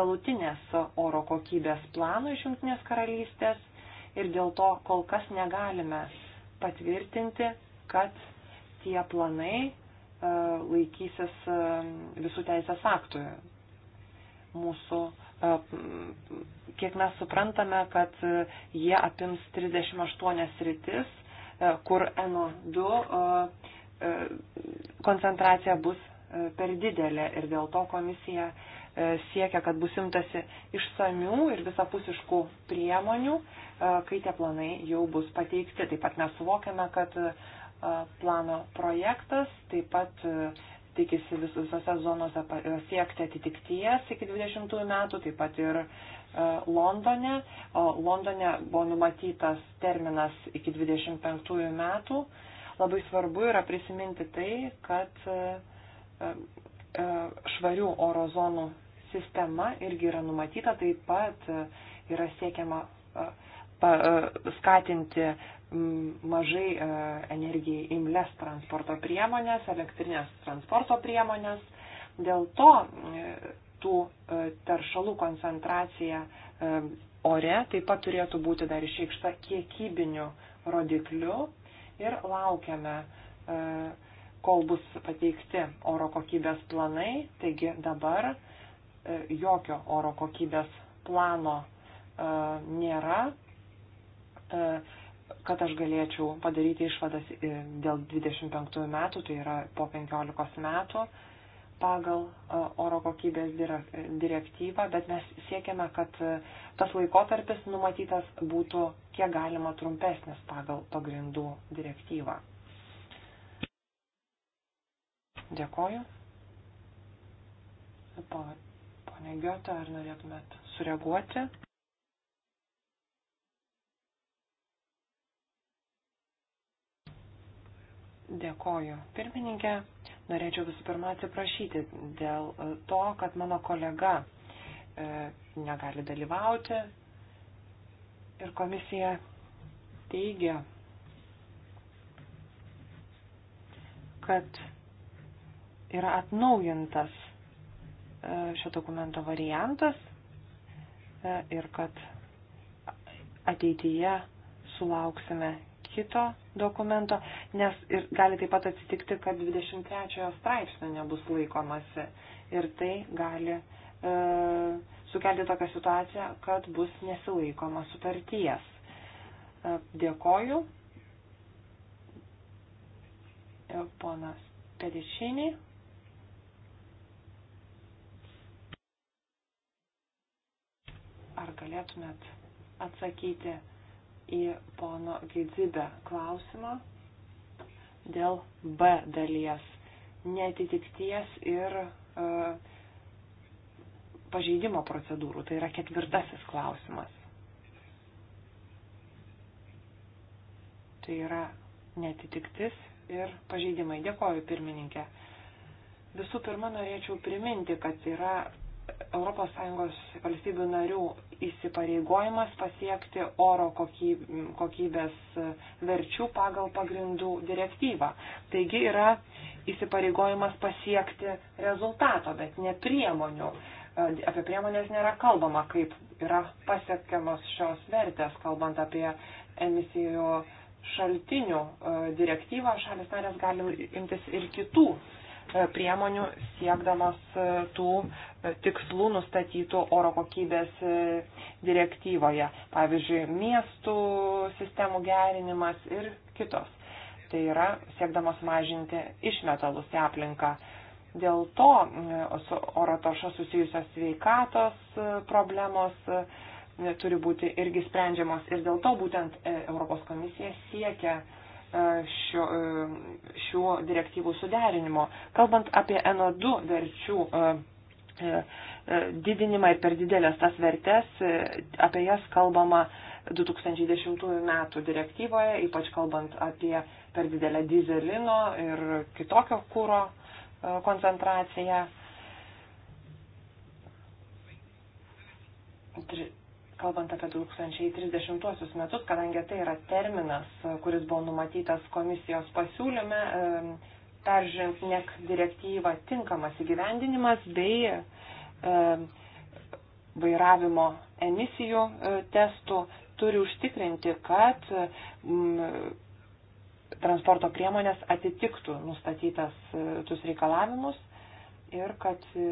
galutinės oro kokybės plano iš Junktinės karalystės ir dėl to kol kas negalime patvirtinti, kad tie planai e, laikysis e, visų teisės aktų. Mūsų kiek mes suprantame, kad jie apims 38 sritis, e, kur NO2 e, koncentracija bus e, per didelė ir dėl to komisija siekia, kad bus imtasi išsamių ir visapusiškų priemonių, kai tie planai jau bus pateikti. Taip pat mes suvokiame, kad plano projektas taip pat tikisi vis, visose zonose e, siekti atitikties iki 20 metų, taip pat ir e, Londone. O Londone buvo numatytas terminas iki 25 metų. Labai svarbu yra prisiminti tai, kad e, švarių oro zonų sistema irgi yra numatyta, taip pat yra siekiama E, skatinti mažai e, energijai imles transporto priemonės, elektrinės transporto priemonės. Dėl to e, tų teršalų koncentracija ore taip pat turėtų būti dar išreikšta kiekybiniu rodikliu ir laukiame, kol bus pateikti oro kokybės planai. Taigi dabar jokio oro kokybės plano nėra, E, kad aš galėčiau padaryti išvadas e, dėl 25 metų, tai yra po 15 metų pagal e, oro kokybės direktyvą, bet mes siekiame, kad tas laikotarpis numatytas būtų kiek galima trumpesnis pagal pagrindų direktyvą. Dėkoju. Pone Giota, ar norėtumėt sureaguoti? Dėkoju. Pirmininkė, norėčiau visų pirma atsiprašyti dėl e, to, kad mano kolega e, negali dalyvauti ir komisija teigia, kad yra atnaujintas e, šio dokumento variantas e, ir kad ateityje sulauksime kito dokumento, nes ir gali taip pat atsitikti, kad 23 straipsnio nebus laikomasi ir tai gali e, sukelti tokią situaciją, kad bus nesilaikoma sutarties. E, dėkoju. E, ponas Pedičinį. Ar galėtumėt atsakyti į pono Gizibę klausimą dėl B dalies netitikties ir uh, pažeidimo procedūrų. Tai yra ketvirtasis klausimas. Tai yra netitiktis ir pažeidimai. Dėkoju, pirmininkė. Visų pirma, norėčiau priminti, kad yra ES valstybių narių įsipareigojimas pasiekti oro kokybės verčių pagal pagrindų direktyvą. Taigi yra įsipareigojimas pasiekti rezultato, bet ne priemonių. Apie priemonės nėra kalbama, kaip yra pasiekiamos šios vertės, kalbant apie emisijų šaltinių e, direktyvą, šalis narės gali imtis ir kitų E, priemonių siekdamas e, tų e, tikslų nustatytų oro kokybės direktyvoje. Pavyzdžiui, miestų sistemų gerinimas ir kitos. Tai yra siekdamas mažinti išmetalus į aplinką. Dėl to su oro tarša susijusios sveikatos problemos turi būti irgi sprendžiamos. Ir dėl to būtent Europos komisija siekia E, šio, e, šių direktyvų suderinimo. Kalbant apie NO2 verčių e, didinimą ir per didelės tas vertės, apie jas kalbama 2010 metų direktyvoje, ypač kalbant apie per didelę dizelino ir kitokio kūro koncentraciją kalbant apie 2030 metus, kadangi tai yra terminas, kuris buvo numatytas komisijos pasiūlyme, peržiūrint NEC direktyvą tinkamas įgyvendinimas bei vairavimo emisijų e, testų turi užtikrinti, kad transporto priemonės atitiktų nustatytas e, tus reikalavimus ir kad e,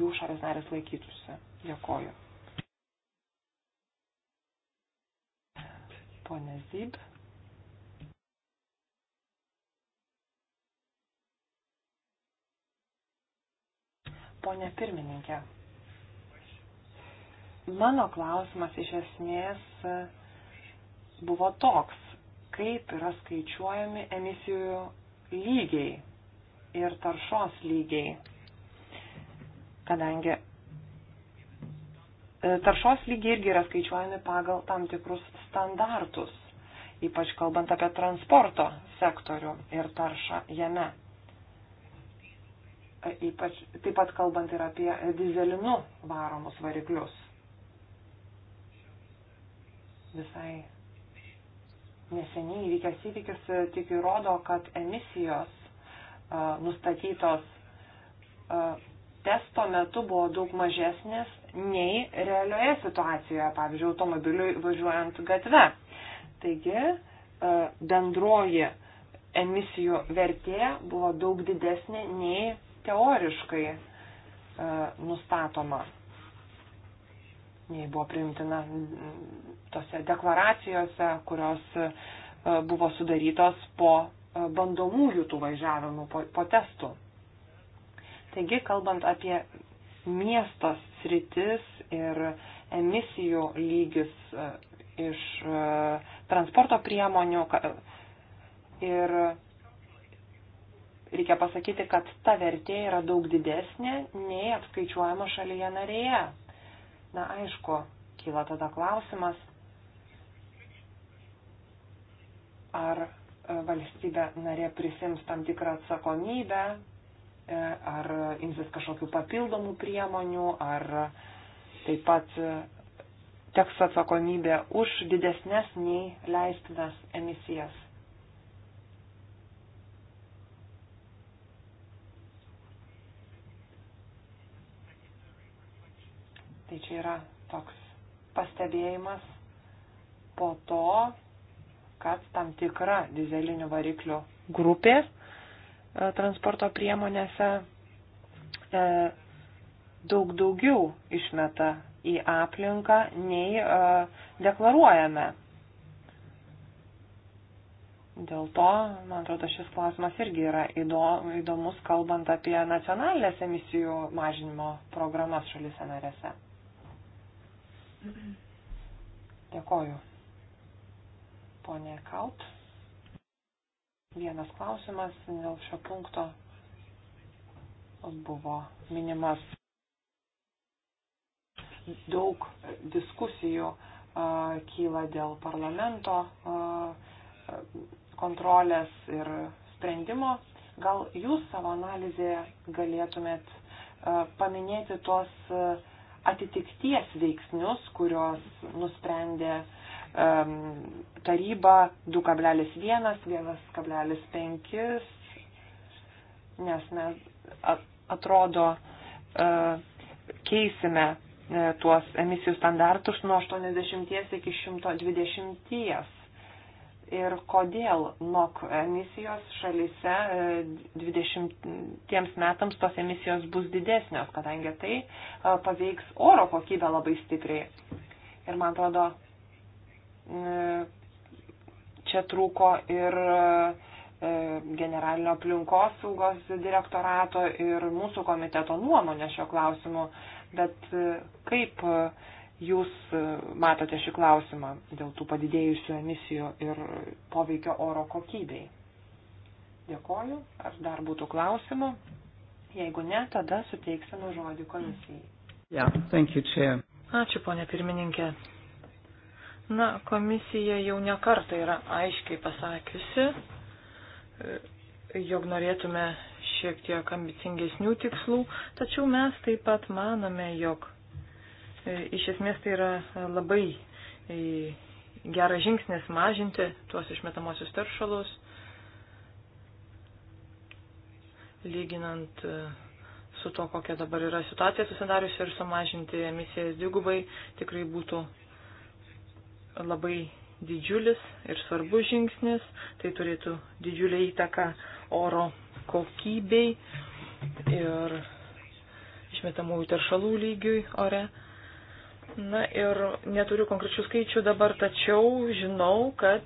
jų šalis narės laikytųsi. Dėkoju. ponė Zyb. Pone pirmininkė, mano klausimas iš esmės buvo toks, kaip yra skaičiuojami emisijų lygiai ir taršos lygiai. Kadangi e, taršos lygiai irgi yra skaičiuojami pagal tam tikrus standartus, ypač kalbant apie transporto sektorių ir taršą jame. E, ypač taip pat kalbant ir apie dizelinu varomus variklius. Visai neseniai įvykęs įvykis e, tik įrodo, kad emisijos e, nustatytos testo metu buvo daug mažesnės nei realioje situacijoje, pavyzdžiui, automobiliui važiuojant gatve. Taigi e, bendroji emisijų vertė buvo daug didesnė nei teoriškai e, nustatoma, nei buvo priimtina tose deklaracijose, kurios e, buvo sudarytos po bandomųjų tų važiavimų, po, po testų. Taigi, kalbant apie miestos sritis ir emisijų lygius e, iš e, transporto priemonių. E, ir reikia pasakyti, kad ta vertė yra daug didesnė nei apskaičiuojama šalyje narėje. Na aišku, kyla tada klausimas, ar valstybė narė prisims tam tikrą atsakomybę E, ar imsis kažkokių papildomų priemonių, ar taip pat e, teks atsakomybė už didesnės nei leistinas emisijas. Tai čia yra toks pastebėjimas po to, kad tam tikra dizelinių variklių grupė transporto priemonėse e, daug daugiau išmeta į aplinką, nei e, deklaruojame. Dėl to, man atrodo, šis klausimas irgi yra įdomus, kalbant apie nacionalinės emisijų mažinimo programas šalyse narėse. Dėkoju. Pone Kaut. Vienas klausimas dėl šio punkto buvo minimas daug diskusijų kyla dėl parlamento kontrolės ir sprendimo. Gal jūs savo analizėje galėtumėt paminėti tuos atitikties veiksnius, kurios nusprendė taryba 2,1, 1,5, nes mes atrodo e, keisime e, tuos emisijų standartus nuo 80 iki 120. Ir kodėl NOK emisijos šalise 20 e, metams tos emisijos bus didesnios, kadangi tai paveiks oro kokybę labai stipriai. Ir man atrodo, čia trūko ir e, generalinio aplinkos saugos direktorato ir mūsų komiteto nuomonė šio klausimu. Bet e, kaip jūs matote šį klausimą dėl tų padidėjusių emisijų ir poveikio oro kokybei? Dėkoju. Ar dar būtų klausimų? Jeigu ne, tada suteiksime žodį komisijai. Yeah, thank you, Chair. Ačiū, ponė pirmininkė. Na, komisija jau nekarta yra aiškiai pasakiusi, e, jog norėtume šiek tiek ambicingesnių tikslų, tačiau mes taip pat manome, jog e, iš esmės tai yra labai e, geras žingsnis mažinti tuos išmetamosius teršalus, lyginant su to, kokia dabar yra situacija susidariusi ir sumažinti emisijas dvigubai tikrai būtų labai didžiulis ir svarbus žingsnis, tai turėtų didžiulį įtaką oro kokybei ir išmetamųjų teršalų lygiui ore. Na ir neturiu konkrečių skaičių dabar, tačiau žinau, kad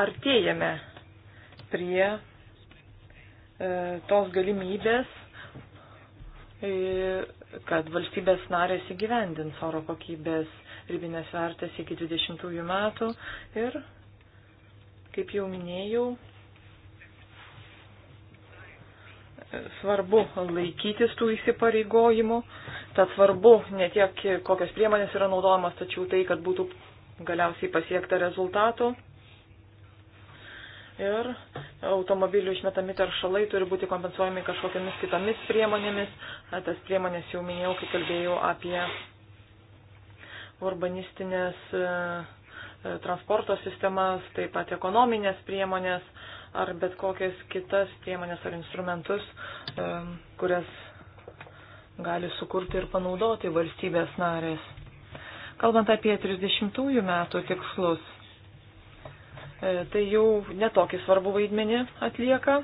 artėjame prie e, tos galimybės, e, kad valstybės narės įgyvendins oro kokybės ribinės vertės iki 20 metų ir, kaip jau minėjau, svarbu laikytis tų įsipareigojimų, tad svarbu ne tiek kokios priemonės yra naudojamas, tačiau tai, kad būtų galiausiai pasiekta rezultatų. Ir automobilių išmetami taršalai turi būti kompensuojami kažkokiamis kitomis priemonėmis. Tas priemonės jau minėjau, kai kalbėjau apie urbanistinės e, e, transporto sistemas, taip pat ekonominės priemonės ar bet kokias kitas priemonės ar instrumentus, e, kurias gali sukurti ir panaudoti valstybės narės. Kalbant apie 30-ųjų metų tikslus, tai jau netokį svarbų vaidmenį atlieka.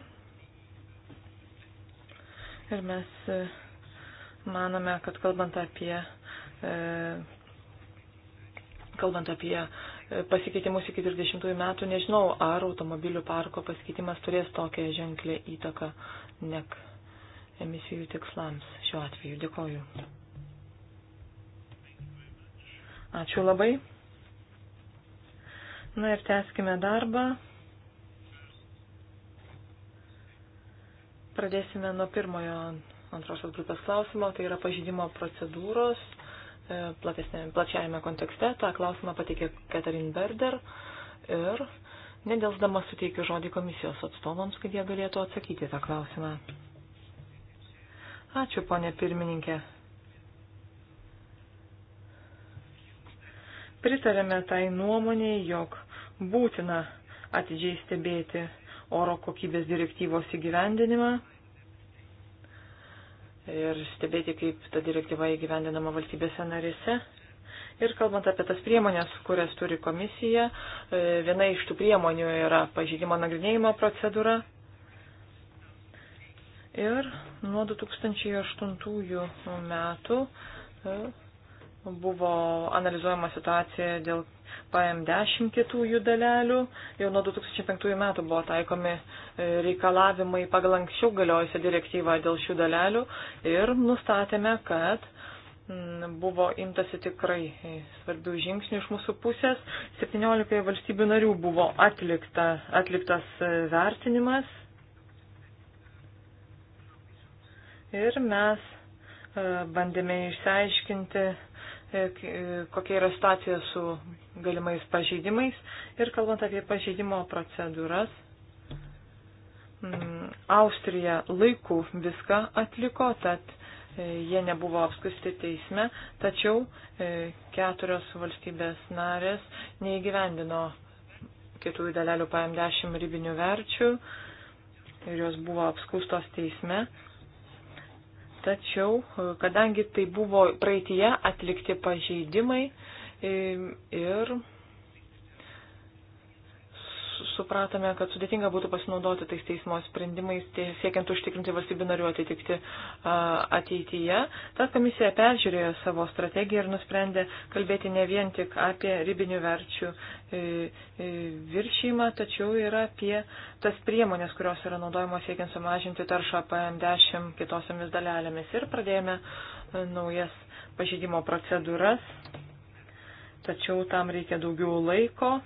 Ir mes manome, kad kalbant apie kalbant apie e, pasikeitimus iki 30 metų, nežinau, ar automobilių parko pasikeitimas turės tokią ženklę įtaką nek emisijų tikslams šiuo atveju. Dėkoju. Ačiū labai. Na ir tęskime darbą. Pradėsime nuo pirmojo antrosios grupės klausimo, tai yra pažydimo procedūros. E, plačiajame kontekste. Ta klausimą patikė Katarin Berder ir nedelsdama suteikiu žodį komisijos atstovams, kad jie galėtų atsakyti tą klausimą. Ačiū, ponė pirmininkė. Pritarėme tai nuomonėje, jog būtina atidžiai stebėti oro kokybės direktyvos įgyvendinimą ir stebėti, kaip ta direktyva įgyvendinama valstybėse narise. Ir kalbant apie tas priemonės, kurias turi komisija, e, viena iš tų priemonių yra pažydimo nagrinėjimo procedūra. Ir nuo 2008 metų e, buvo analizuojama situacija dėl PM10 kietųjų dalelių. Jau nuo 2005 metų buvo taikomi e, reikalavimai pagal anksčiau galiojusią direktyvą dėl šių dalelių ir nustatėme, kad buvo imtasi tikrai e, svarbių žingsnių iš mūsų pusės. 17 valstybių narių buvo atlikta, atliktas e, vertinimas. Ir mes bandėme išsiaiškinti, E, e, kokia yra situacija su galimais pažeidimais ir kalbant apie pažeidimo procedūras. Mm, Austrija laiku viską atliko, tad e, jie nebuvo apskusti teisme, tačiau keturios valstybės narės neįgyvendino kietųjų dalelių PM10 ribinių verčių ir jos buvo apskustos teisme. Tačiau, e, kadangi tai buvo praeitie atlikti pažeidimai e, ir supratome, kad sudėtinga būtų pasinaudoti tais teismo sprendimais, siekiant užtikrinti valstybių narių atitikti ateityje. Tad komisija peržiūrėjo savo strategiją ir nusprendė kalbėti ne vien tik apie ribinių verčių e, e, viršymą, tačiau ir apie tas priemonės, kurios yra naudojamos siekiant sumažinti taršą PM10 kitosiamis dalelėmis. Ir pradėjome e, naujas pažydimo procedūras tačiau tam reikia daugiau laiko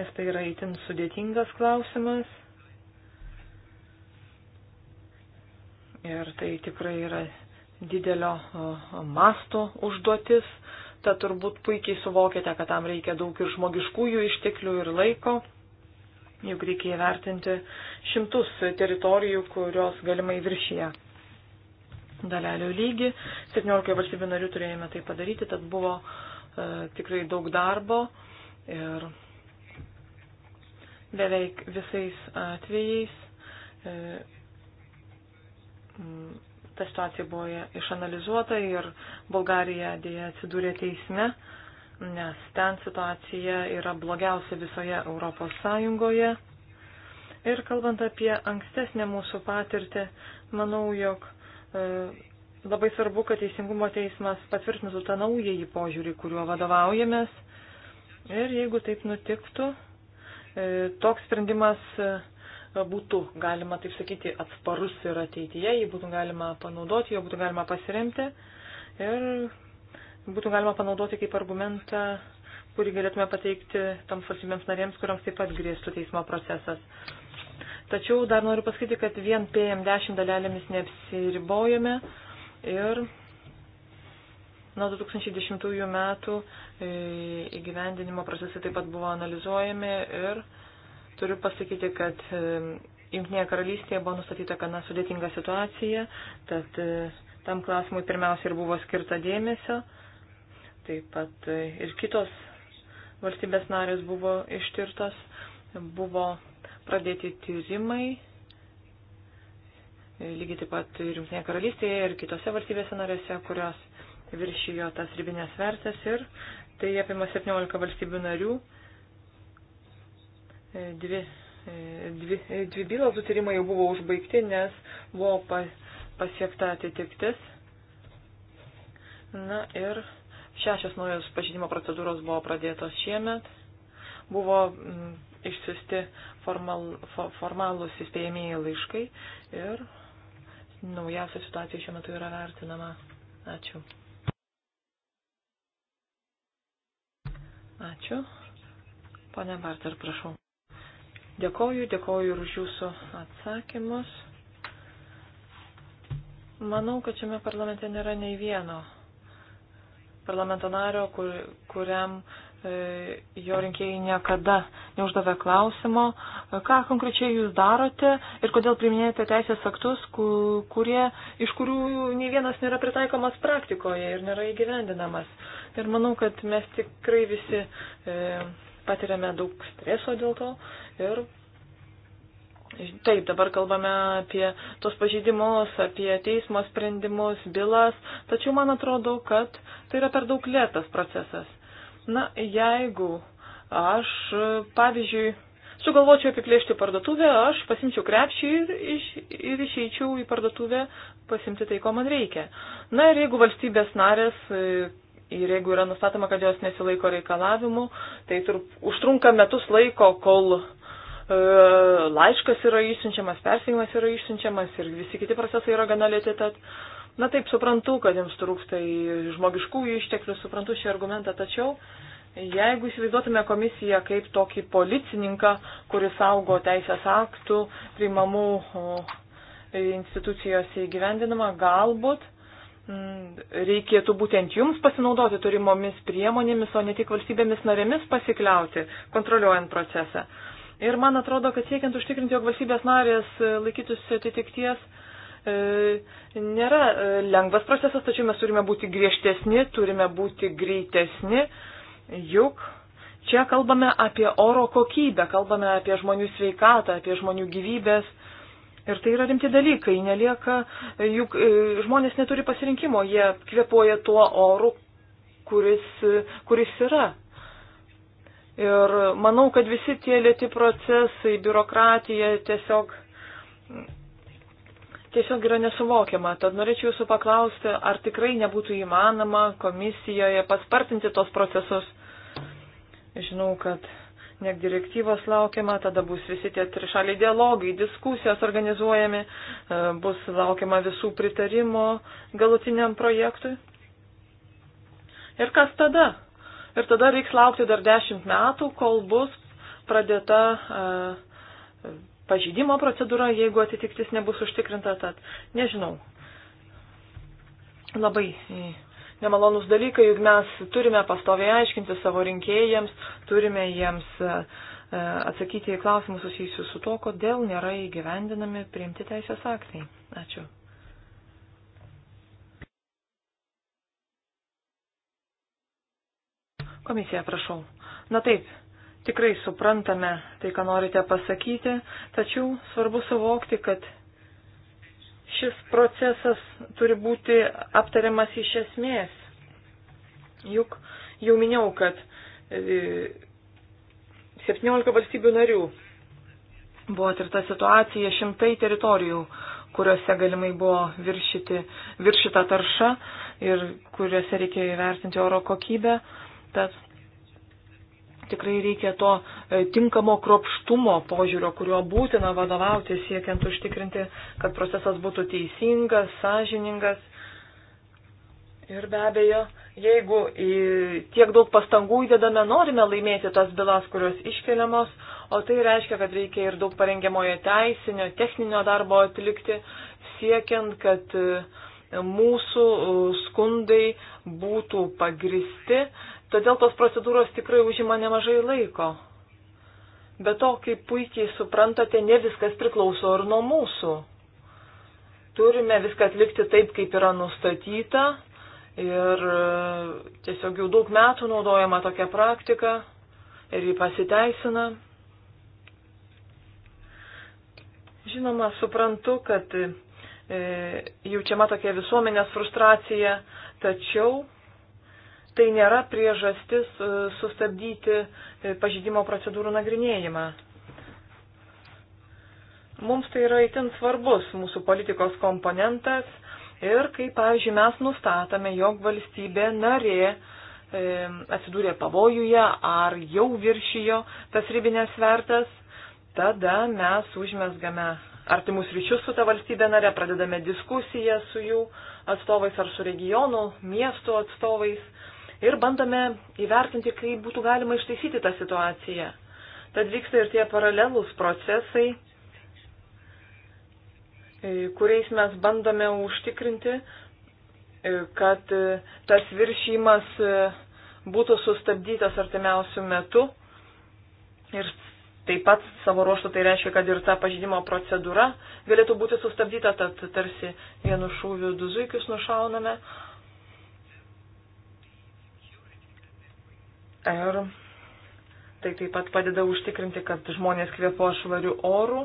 nes tai yra itin sudėtingas klausimas. Ir tai tikrai yra didelio masto užduotis. Ta turbūt puikiai suvokite, kad tam reikia daug ir žmogiškųjų išteklių ir laiko. Juk reikia įvertinti šimtus teritorijų, kurios galimai viršyje dalelių lygį. 17 valstybių narių turėjome tai padaryti, tad buvo e, tikrai daug darbo ir beveik visais atvejais e, ta situacija buvo išanalizuota ir Bulgarija dėja atsidūrė teisme, nes ten situacija yra blogiausia visoje Europos Sąjungoje. Ir kalbant apie ankstesnę mūsų patirtį, manau, jog e, labai svarbu, kad Teisingumo teismas patvirtintų tą naująjį požiūrį, kuriuo vadovaujamės. Ir jeigu taip nutiktų, E, toks sprendimas e, būtų, galima taip sakyti, atsparus ir ateityje, jį būtų galima panaudoti, jo būtų galima pasiremti ir būtų galima panaudoti kaip argumentą, kurį galėtume pateikti toms valstybėms narėms, kuriams taip pat grėstų teismo procesas. Tačiau dar noriu pasakyti, kad vien PM10 dalelėmis neapsiribojame ir Nuo 2010 metų e, įgyvendinimo procesai taip pat buvo analizuojami ir turiu pasakyti, kad e, Junktinėje karalystėje buvo nustatyta gana sudėtinga situacija, tad e, tam klausimui pirmiausia ir buvo skirta dėmesio. Taip pat ir kitos valstybės narės buvo ištirtos, buvo pradėti tyrimai, lygiai taip pat ir Junktinėje karalystėje ir kitose valstybėse narėse, kurios viršijo tas ribinės vertės ir tai apima 17 valstybių narių. E, dvi, e, dvi, e, dvi bylos, du tyrimai jau buvo užbaigti, nes buvo pa, pasiekta atitiktis. Na ir šešios naujos pažydimo procedūros buvo pradėtos šiemet. Buvo m, išsiusti formal, for, formalūs įspėjamieji laiškai ir naujausia situacija šiuo metu yra vertinama. Ačiū. Ačiū. Pane Bartar, prašau. Dėkoju, dėkoju ir už jūsų atsakymus. Manau, kad šiame parlamente nėra nei vieno parlamento nario, kur, kuriam E, jo rinkėjai niekada neuždavė klausimo, e, ką konkrečiai jūs darote ir kodėl priminėjate teisės aktus, kurie, iš kurių nei vienas nėra pritaikomas praktikoje ir nėra įgyvendinamas. Ir manau, kad mes tikrai visi e, patiriame daug streso dėl to ir Taip, dabar kalbame apie tos pažeidimus, apie teismo sprendimus, bylas, tačiau man atrodo, kad tai yra per daug lėtas procesas. Na, jeigu aš, pavyzdžiui, sugalvočiau apiplėšti parduotuvę, aš pasimčiau krepšį ir, iš, ir išeičiau į parduotuvę pasimti tai, ko man reikia. Na ir jeigu valstybės narės ir jeigu yra nustatoma, kad jos nesilaiko reikalavimų, tai tur, užtrunka metus laiko, kol e, laiškas yra išsiunčiamas, persijimas yra išsiunčiamas ir visi kiti procesai yra gana lėti. Tad Na taip, suprantu, kad jums trūksta į žmogiškųjų išteklių, suprantu šį argumentą, tačiau jeigu įsivaizduotume komisiją kaip tokį policininką, kuris saugo teisės aktų, priimamų institucijose įgyvendinama, galbūt mm, reikėtų būtent jums pasinaudoti turimomis priemonėmis, o ne tik valstybėmis narėmis pasikliauti, kontroliuojant procesą. Ir man atrodo, kad siekiant užtikrinti, jog valstybės narės laikytųsi atitikties, E, nėra e, lengvas procesas, tačiau mes turime būti griežtesni, turime būti greitesni, juk čia kalbame apie oro kokybę, kalbame apie žmonių sveikatą, apie žmonių gyvybės. Ir tai yra rimti dalykai, nelieka, e, juk žmonės neturi pasirinkimo, jie kvepuoja tuo oru, kuris, kuris yra. Ir manau, kad visi tie lėti procesai, biurokratija tiesiog tiesiog yra nesuvokiama. Tad norėčiau jūsų paklausti, ar tikrai nebūtų įmanoma komisijoje paspartinti tos procesus. Žinau, kad net direktyvos laukiama, tada bus visi tie trišaliai dialogai, diskusijos organizuojami, e, bus laukiama visų pritarimo galutiniam projektui. Ir kas tada? Ir tada reiks laukti dar dešimt metų, kol bus pradėta uh, pažydimo procedūra, jeigu atitiktis nebus užtikrinta, tad nežinau. Labai nemalonus dalykai, juk mes turime pastoviai aiškinti savo rinkėjams, turime jiems e, e, atsakyti į klausimus susijusius su to, kodėl nėra įgyvendinami priimti teisės aktai. Ačiū. Komisija, prašau. Na taip, Tikrai suprantame tai, ką norite pasakyti, tačiau svarbu suvokti, kad šis procesas turi būti aptariamas iš esmės. Juk jau minėjau, kad 17 e, valstybių narių buvo atirta situacija, šimtai teritorijų, kuriuose galimai buvo viršyti, viršita tarša ir kuriuose reikėjo įvertinti oro kokybę. Tad tikrai reikia to e, tinkamo kropštumo požiūrio, kuriuo būtina vadovauti siekiant užtikrinti, kad procesas būtų teisingas, sąžiningas. Ir be abejo, jeigu į, tiek daug pastangų įdedame, norime laimėti tas bylas, kurios iškeliamos, o tai reiškia, kad reikia ir daug parengiamojo teisinio, techninio darbo atlikti, siekiant, kad e, mūsų e, skundai būtų pagristi Todėl tos procedūros tikrai užima nemažai laiko. Be to, kaip puikiai suprantate, ne viskas priklauso ir nuo mūsų. Turime viską atlikti taip, kaip yra nustatyta ir e, tiesiog jau daug metų naudojama tokia praktika ir jį pasiteisina. Žinoma, suprantu, kad e, e, jaučiama tokia visuomenės frustracija, tačiau tai nėra priežastis e, sustabdyti e, pažydimo procedūrų nagrinėjimą. Mums tai yra itin svarbus mūsų politikos komponentas ir kai, pavyzdžiui, mes nustatome, jog valstybė narė e, atsidūrė pavojuje ar jau viršijo tas ribinės vertas, tada mes užmesgame artimus ryšius su ta valstybė nare, pradedame diskusiją su jų atstovais ar su regionų, miestų atstovais ir bandome įvertinti, kaip būtų galima ištaisyti tą situaciją. Tad vyksta ir tie paralelūs procesai, e, kuriais mes bandome užtikrinti, e, kad e, tas viršymas būtų sustabdytas artimiausių metų. Ir taip pat savo ruoštų tai reiškia, kad ir ta pažydimo procedūra galėtų būti sustabdyta, tad tarsi vienu šūviu du zuikius nušauname. Ir tai taip pat padeda užtikrinti, kad žmonės kvėpo švariu oru.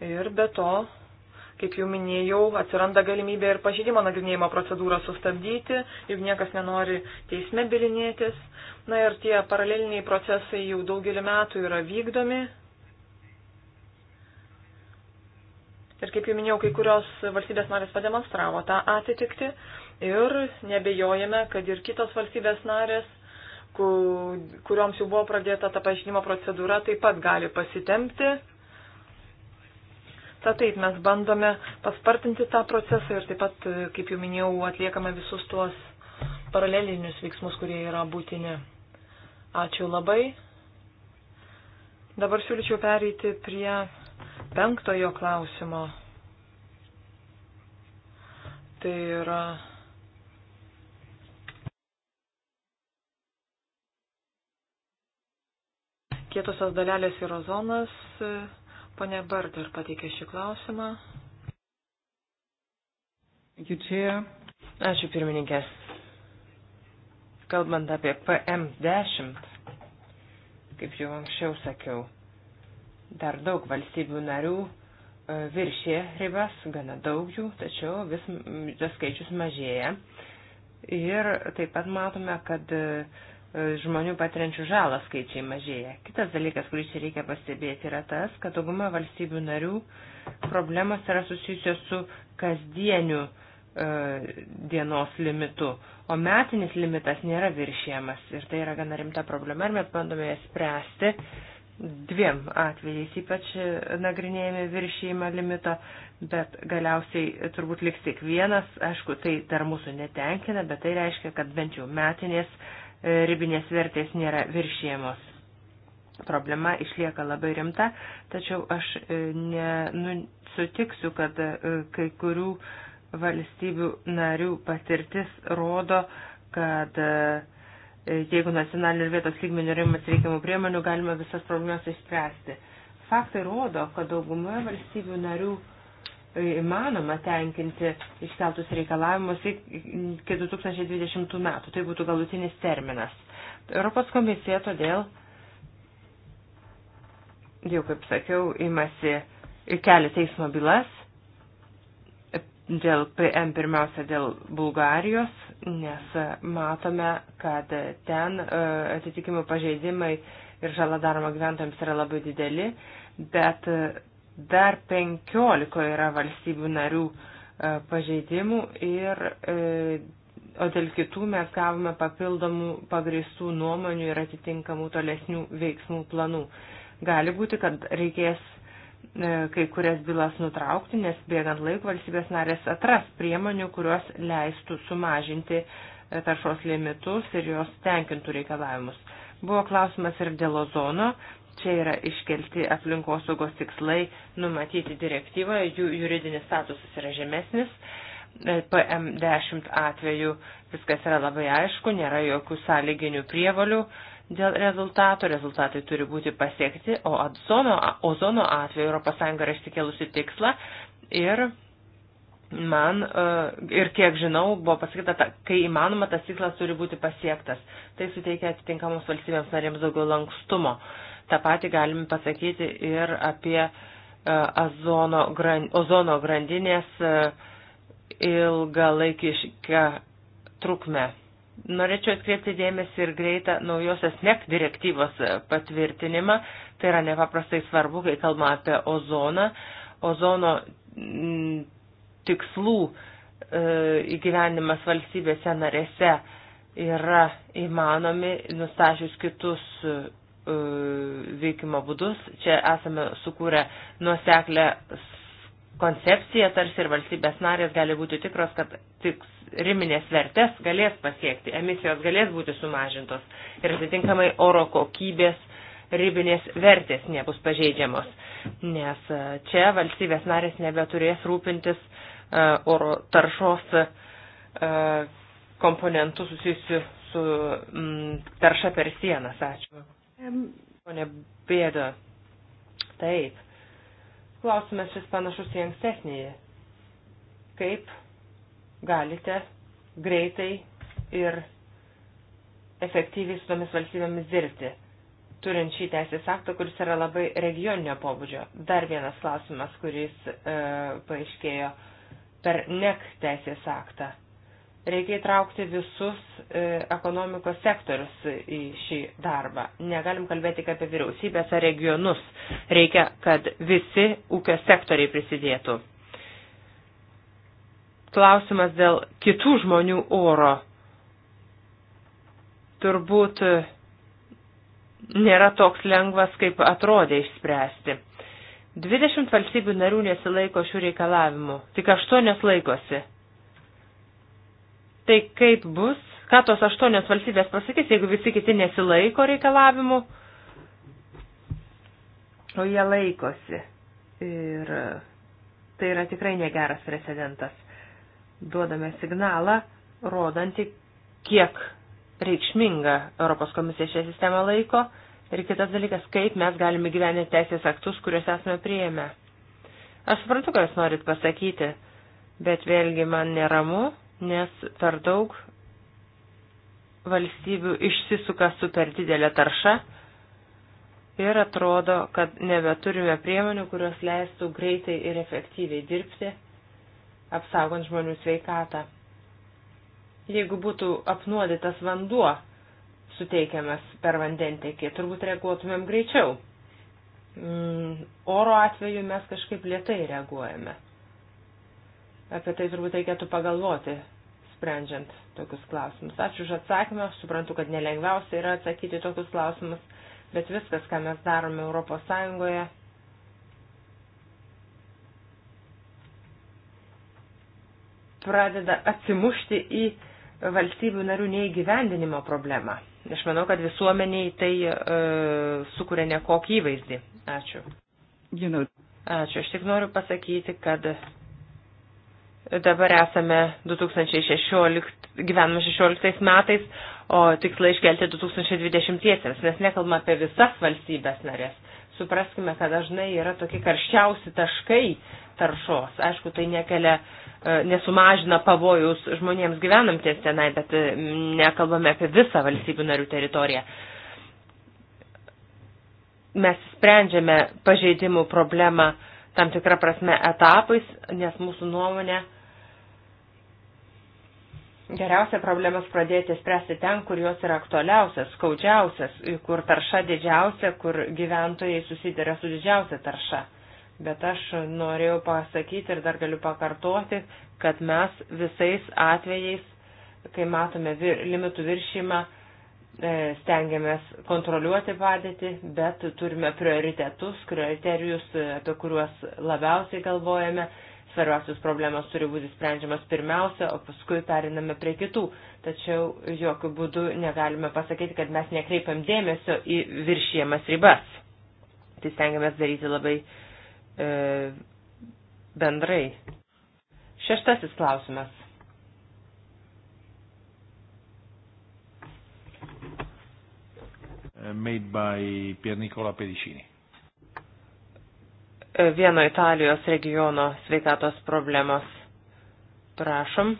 Ir be to, kaip jau minėjau, atsiranda galimybė ir pažydimo nagrinėjimo procedūrą sustabdyti, juk niekas nenori teisme bilinėtis. Na ir tie paraleliniai procesai jau daugelį metų yra vykdomi. Ir kaip jau minėjau, kai kurios valstybės narės pademonstravo tą atitikti ir nebejojame, kad ir kitos valstybės narės kurioms jau buvo pradėta ta pažinimo procedūra, taip pat gali pasitempti. Ta taip, mes bandome paspartinti tą procesą ir taip pat, kaip jau minėjau, atliekame visus tuos paralelinius veiksmus, kurie yra būtini. Ačiū labai. Dabar siūlyčiau pereiti prie penktojo klausimo. Tai yra kietosios dalelės ir ozonas. Pane Bardar pateikė šį klausimą. Ačiū pirmininkė. Kalbant apie PM10, kaip jau anksčiau sakiau, dar daug valstybių narių e, viršė ribas, gana daug jų, tačiau vis tas skaičius mažėja. Ir taip pat matome, kad e, E, žmonių patiriančių žalą skaičiai mažėja. Kitas dalykas, kurį čia reikia pastebėti, yra tas, kad dauguma valstybių narių problemas yra susijusios su kasdieniu e, dienos limitu, o metinis limitas nėra viršėjamas ir tai yra gana rimta problema ir mes bandome ją spręsti dviem atvejais, ypač nagrinėjami viršėjimą limito, bet galiausiai turbūt liks tik vienas, aišku, tai dar mūsų netenkina, bet tai reiškia, kad bent jau metinės ribinės vertės nėra viršėjamos. Problema išlieka labai rimta, tačiau aš e, nesutiksiu, nu, kad e, kai kurių valstybių narių patirtis rodo, kad e, jeigu nacionalinių ir vietos lygmenių rimas reikiamų priemonių, galima visas problemas išspręsti. Faktai rodo, kad daugumoje valstybių narių įmanoma tenkinti iškeltus reikalavimus iki 2020 metų. Tai būtų galutinis terminas. Europos komisija todėl, jau kaip sakiau, imasi kelią teismo bylas dėl PM pirmiausia dėl Bulgarijos, nes matome, kad ten e, atitikimų pažeidimai ir žala daroma gyventojams yra labai dideli, bet Dar 15 yra valstybių narių e, pažeidimų ir, e, o dėl kitų mes gavome papildomų pagristų nuomonių ir atitinkamų tolesnių veiksmų planų. Gali būti, kad reikės e, kai kurias bylas nutraukti, nes bėgant laik valstybės narės atras priemonių, kurios leistų sumažinti taršos limitus ir jos tenkintų reikalavimus. Buvo klausimas ir dėl ozono. Čia yra iškelti aplinkosaugos tikslai, numatyti direktyvoje, jų juridinis statusas yra žemesnis. E, PM10 atveju viskas yra labai aišku, nėra jokių sąlyginių prievalių dėl rezultato, rezultatai turi būti pasiekti, o ozono, ozono atveju ES yra išsikėlusi tikslą ir man, e, ir kiek žinau, buvo pasakyta, kai įmanoma, tas tikslas turi būti pasiektas. Tai suteikia atitinkamos valstybėms narėms daugiau lankstumo. Ta patį galim pasakyti ir apie e, azono, ozono grandinės e, ilgalaikišką trukmę. Norėčiau atkreipti dėmesį ir greitą naujosios NEC direktyvos patvirtinimą. Tai yra nepaprastai svarbu, kai kalbame apie ozoną. Ozono mm, tikslų e, įgyvenimas valstybėse narėse yra įmanomi, nustačius kitus E, veikimo būdus. Čia esame sukūrę nuoseklę koncepciją, tarsi ir valstybės narės gali būti tikros, kad tik riminės vertės galės pasiekti, emisijos galės būti sumažintos ir atitinkamai oro kokybės ribinės vertės nebus pažeidžiamos, nes e, čia valstybės narės nebeturės rūpintis e, oro taršos komponentų susijusių su tarša per sienas. Ačiū. Pone Bėda, taip. Klausimas šis panašus į ankstesnį. Kaip galite greitai ir efektyviai su tomis valstybėmis dirbti, turint šį teisės aktą, kuris yra labai regioninio pobūdžio. Dar vienas klausimas, kuris e, paaiškėjo per NEC teisės aktą. Reikia įtraukti visus e, ekonomikos sektorius į šį darbą. Negalim kalbėti tik apie vyriausybės ar regionus. Reikia, kad visi ūkio sektoriai prisidėtų. Klausimas dėl kitų žmonių oro. Turbūt e, nėra toks lengvas, kaip atrodė išspręsti. 20 valstybių narių nesilaiko šių reikalavimų, tik 8 laikosi. Tai kaip bus, ką tos aštuonios valstybės pasakys, jeigu visi kiti nesilaiko reikalavimų, o jie laikosi. Ir tai yra tikrai negeras precedentas. Duodame signalą, rodantį, kiek reikšminga Europos komisija šią sistemą laiko ir kitas dalykas, kaip mes galime gyventi teisės aktus, kuriuos esame prieėmę. Aš suprantu, ką jūs norit pasakyti, bet vėlgi man neramu, nes per daug valstybių išsisuka su per didelė tarša ir atrodo, kad nebeturime priemonių, kurios leistų greitai ir efektyviai dirbti, apsaugant žmonių sveikatą. Jeigu būtų apnuodytas vanduo suteikiamas per vandentekį, turbūt reaguotumėm greičiau. Mm, oro atveju mes kažkaip lietai reaguojame. Apie tai turbūt reikėtų pagalvoti, sprendžiant tokius klausimus. Ačiū už atsakymą, suprantu, kad nelengviausia yra atsakyti tokius klausimus, bet viskas, ką mes darome Europos Sąjungoje, pradeda atsimušti į valstybių narių neįgyvendinimo problemą. Aš manau, kad visuomeniai tai e, sukuria nekokį įvaizdį. Ačiū. You know. Ačiū. Aš tik noriu pasakyti, kad Dabar esame 2016, gyvename 16 metais, o tikslai iškelti 2020-iesiems, nes nekalbame apie visas valstybės narės. Supraskime, kad dažnai yra tokie karščiausi taškai taršos. Aišku, tai nekelia, e, nesumažina pavojus žmonėms gyvenantis tenai, bet e, nekalbame apie visą valstybių narių teritoriją mes sprendžiame pažeidimų problemą tam tikrą prasme etapais, nes mūsų nuomonė Geriausia problemas pradėti spręsti ten, kur jos yra aktualiausias, skaudžiausias, kur tarša didžiausia, kur gyventojai susiduria su didžiausia tarša. Bet aš norėjau pasakyti ir dar galiu pakartoti, kad mes visais atvejais, kai matome vir, limitų viršymą, e, stengiamės kontroliuoti padėtį, bet turime prioritetus, kriterijus, apie kuriuos labiausiai galvojame svarbiausios problemos turi būti sprendžiamas pirmiausia, o paskui periname prie kitų. Tačiau jokių būdų negalime pasakyti, kad mes nekreipiam dėmesio į viršiemas ribas. Tai stengiamės daryti labai e, bendrai. Šeštasis klausimas. made by Pier Nicola Pedicini vieno Italijos regiono sveikatos problemos. Prašom.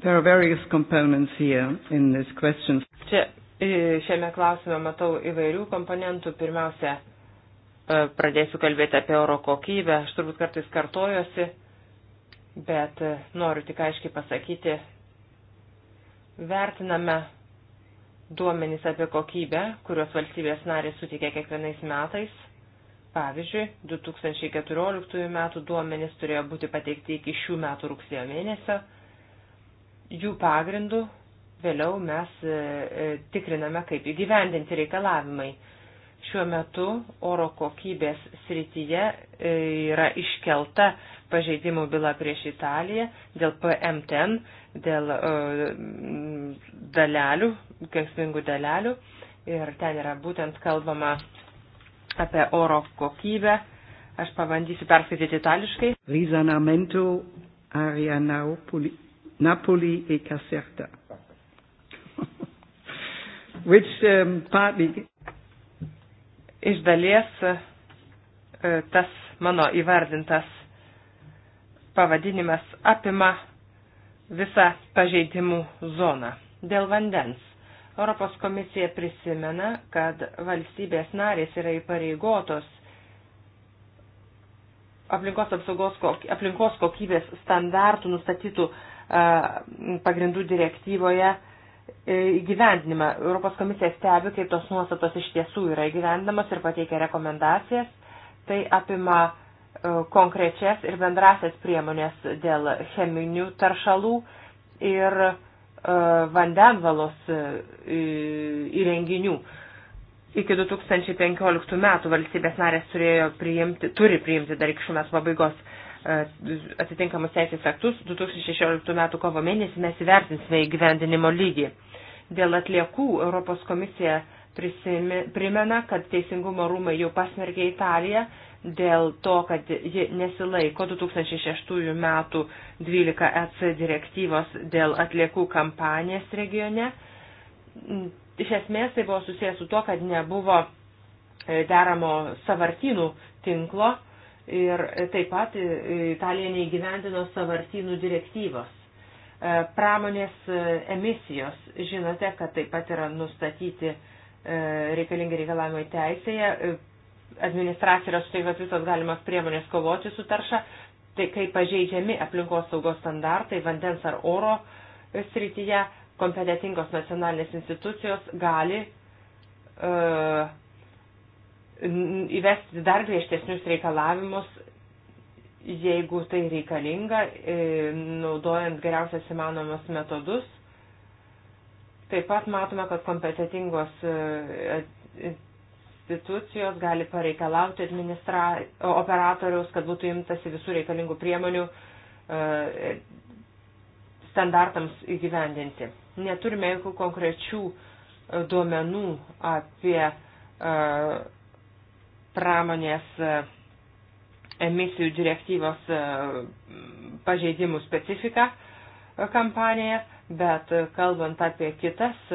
There are various components here in this question. Čia e, šiame klausime matau įvairių komponentų. Pirmiausia, e, pradėsiu kalbėti apie oro kokybę. Aš turbūt kartais kartojosi, bet e, noriu tik aiškiai pasakyti. Vertiname duomenys apie kokybę, kuriuos valstybės narės suteikia kiekvienais metais Pavyzdžiui, 2014 m. duomenys turėjo būti pateikti iki šių metų rugsėjo mėnesio. Jų pagrindų vėliau mes e, e, tikriname, kaip įgyvendinti reikalavimai. Šiuo metu oro kokybės srityje e, yra iškelta pažeidimų byla prieš Italiją dėl PMTN, dėl dalelių, kenksmingų dalelių. Ir ten yra būtent kalbama apie oro kokybę. Aš pabandysiu perskaityti itališkai. Risanamento aria Napoli, Napoli e Caserta. Which um, partly... Iš dalies e, tas mano įvardintas pavadinimas apima visą pažeidimų zoną dėl vandens. Europos komisija prisimena, kad valstybės narės yra įpareigotos aplinkos apsaugos, aplinkos kokybės standartų nustatytų pagrindų direktyvoje e, įgyvendinimą. Europos komisija stebi, kaip tos nuostatos iš tiesų yra įgyvendinamas ir pateikia rekomendacijas. Tai apima e, konkrečias ir bendrasias priemonės dėl cheminių taršalų ir E, vandenvalos e, įrenginių. Iki 2015 metų valstybės narės turėjo priimti, turi priimti dar iki šių metų pabaigos e, atitinkamus teisės aktus. 2016 metų kovo mėnesį mes įvertinsime įgyvendinimo lygį. Dėl atliekų Europos komisija prisimė, primena, kad Teisingumo rūmai jau pasmergė Italiją dėl to, kad ji nesilaiko 2006 metų 12 EC direktyvos dėl atliekų kampanijas regione. Iš esmės tai buvo susijęs su to, kad nebuvo e, deramo savartinų tinklo ir taip pat e, Italija neįgyvendino savartinų direktyvos. E, pramonės emisijos, žinote, kad taip pat yra nustatyti reikalingi reikalavimai teisėje, administracija yra suteiktos tai visos galimas priemonės kovoti su tarša, tai kai pažeidžiami aplinkos saugos standartai vandens ar oro srityje, kompetitingos nacionalinės institucijos gali uh, įvesti dar griežtesnius reikalavimus, jeigu tai reikalinga, e, naudojant geriausias įmanomas metodus. Taip pat matome, kad kompetitingos e, institucijos gali pareikalauti administra... operatoriaus, kad būtų imtasi visų reikalingų priemonių e, standartams įgyvendinti. Neturime jokių konkrečių e, duomenų apie e, pramonės emisijų direktyvos pažeidimų specifiką kampaniją, bet kalbant apie kitas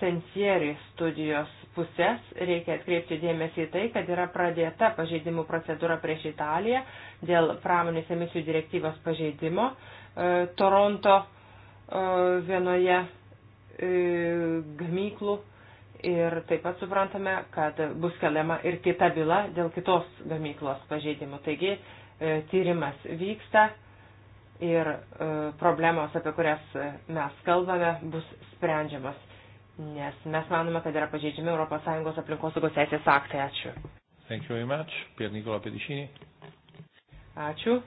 sensieri studijos puses reikia atkreipti dėmesį į tai, kad yra pradėta pažeidimų procedūra prieš Italiją dėl pramonės emisijų direktyvos pažeidimo. E, Toronto e, vienoje e, gamyklų ir taip pat suprantame, kad bus keliama ir kita byla dėl kitos gamyklos pažeidimų. Taigi tyrimas vyksta ir problemos, apie kurias mes kalbame, bus sprendžiamas nes mes manome, kad yra pažeidžiami ES aplinkosaugos teisės aktai. Ačiū. Thank you very much. Pier Nicola Pedicini. Ačiū.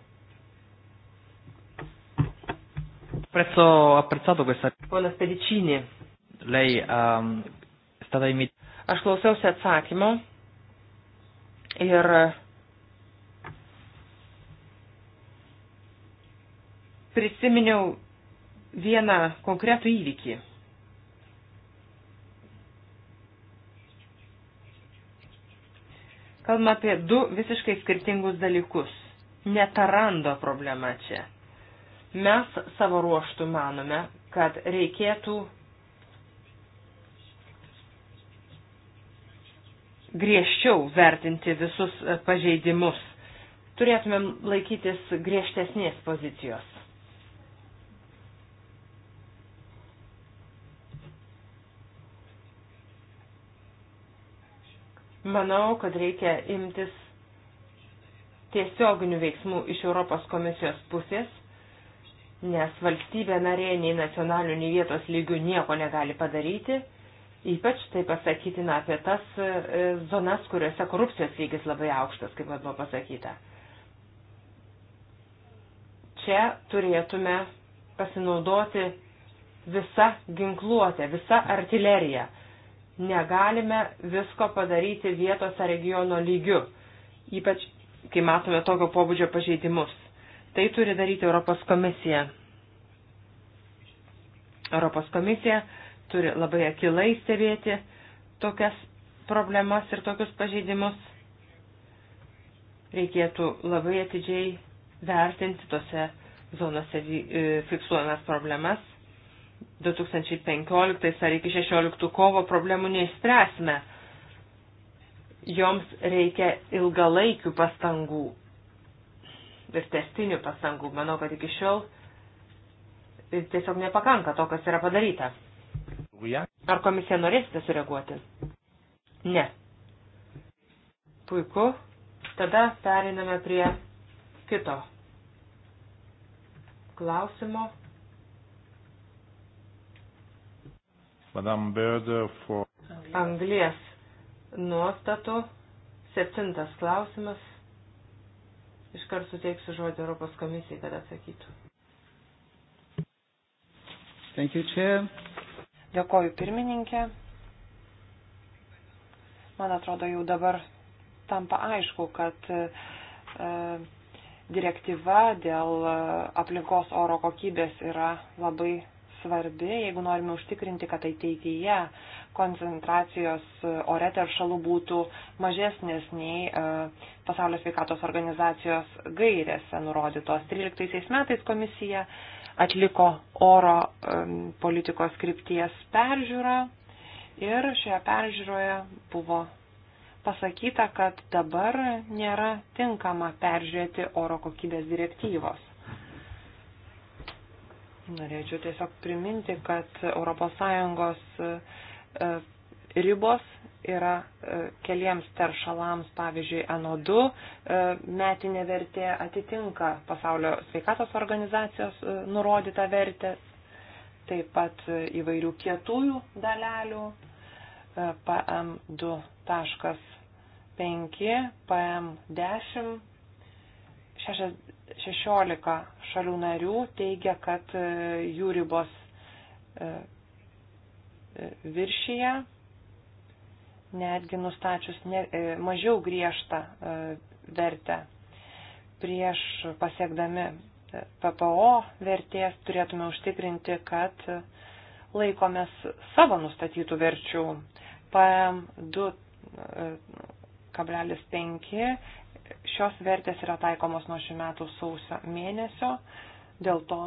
Prezzo apprezzato questa. Ponas Pedicini. Lei um, è stata invitata. Aš klausiausi atsakymo ir prisiminiau vieną konkretų įvykį. Kalbame apie du visiškai skirtingus dalykus. Netarando problema čia. Mes savo ruoštų manome, kad reikėtų griežčiau vertinti visus pažeidimus. Turėtumėm laikytis griežtesnės pozicijos. Manau, kad reikia imtis tiesioginių veiksmų iš Europos komisijos pusės, nes valstybė narė nei nacionalinių, nei vietos lygių nieko negali padaryti. Ypač tai pasakytina apie tas e, zonas, kuriuose korupcijos lygis labai aukštas, kaip buvo pasakyta. Čia turėtume pasinaudoti visą ginkluotę, visą artileriją negalime visko padaryti vietos ar regiono lygiu, ypač kai matome tokio pobūdžio pažeidimus. Tai turi daryti Europos komisija. Europos komisija turi labai akilai stebėti tokias problemas ir tokius pažeidimus. Reikėtų labai atidžiai vertinti tose zonose e, fiksuojamas problemas 2015 ar iki 16 kovo problemų neįspręsime. Joms reikia ilgalaikių pastangų ir testinių pastangų. Manau, kad iki šiol tiesiog nepakanka to, kas yra padaryta. Ar komisija norėsite sureaguoti? Ne. Puiku. Tada periname prie kito klausimo. Madame Bird for. Anglės nuostatų. Septintas klausimas. Iškart suteiksiu žodį Europos komisijai, kad atsakytų. Thank you, Chair. Dėkoju pirmininkė. Man atrodo, jau dabar tampa aišku, kad e, direktyva dėl e, aplinkos oro kokybės yra labai svarbi, jeigu norime užtikrinti, kad ateityje koncentracijos ore teršalų būtų mažesnės nei e, Pasaulio sveikatos organizacijos gairėse nurodytos. 13 metais komisija atliko oro e, politikos krypties peržiūrą ir šioje peržiūroje buvo pasakyta, kad dabar nėra tinkama peržiūrėti oro kokybės direktyvos. Norėčiau tiesiog priminti, kad ES e, ribos yra e, keliems teršalams, pavyzdžiui, NO2 e, metinė vertė atitinka pasaulio sveikatos organizacijos nurodytą vertę, taip pat įvairių kietųjų dalelių PM2.5, PM10, 16 šalių narių teigia, kad e, jų ribos e, e, viršyje, netgi nustačius ne, mažiau griežtą vertę. Prieš pasiekdami PPO vertės turėtume užtikrinti, kad laikomės savo nustatytų verčių. PM2,5 Šios vertės yra taikomos nuo šių metų sausio mėnesio, dėl to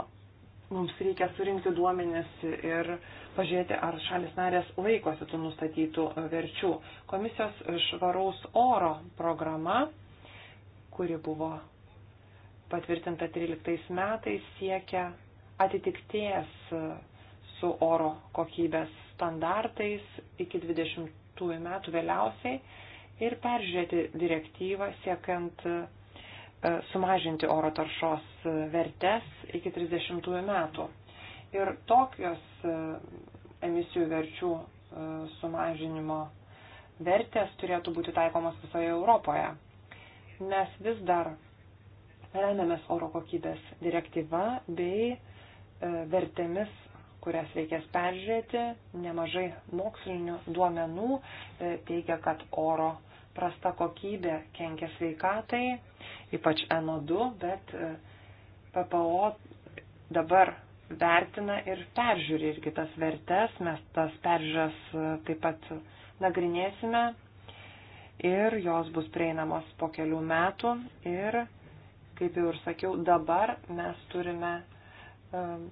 mums reikia surinkti duomenis ir pažiūrėti, ar šalis narės laikosi tų nustatytų verčių. Komisijos švaraus oro programa, kuri buvo patvirtinta 13 metais, siekia atitikties su oro kokybės standartais iki 20 metų vėliausiai ir peržiūrėti direktyvą siekiant e, sumažinti oro taršos e, vertes iki 30 metų. Ir tokios e, emisijų verčių sumažinimo vertės turėtų būti taikomos visoje Europoje. Mes vis dar remiamės oro kokybės direktyva bei vertėmis, kurias reikės peržiūrėti. Nemažai mokslinių duomenų teigia, kad oro prasta kokybė kenkia sveikatai, ypač NO2, bet e, PPO dabar vertina ir peržiūri irgi tas vertes, mes tas peržiūras e, taip pat nagrinėsime ir jos bus prieinamos po kelių metų ir, kaip jau ir sakiau, dabar mes turime um,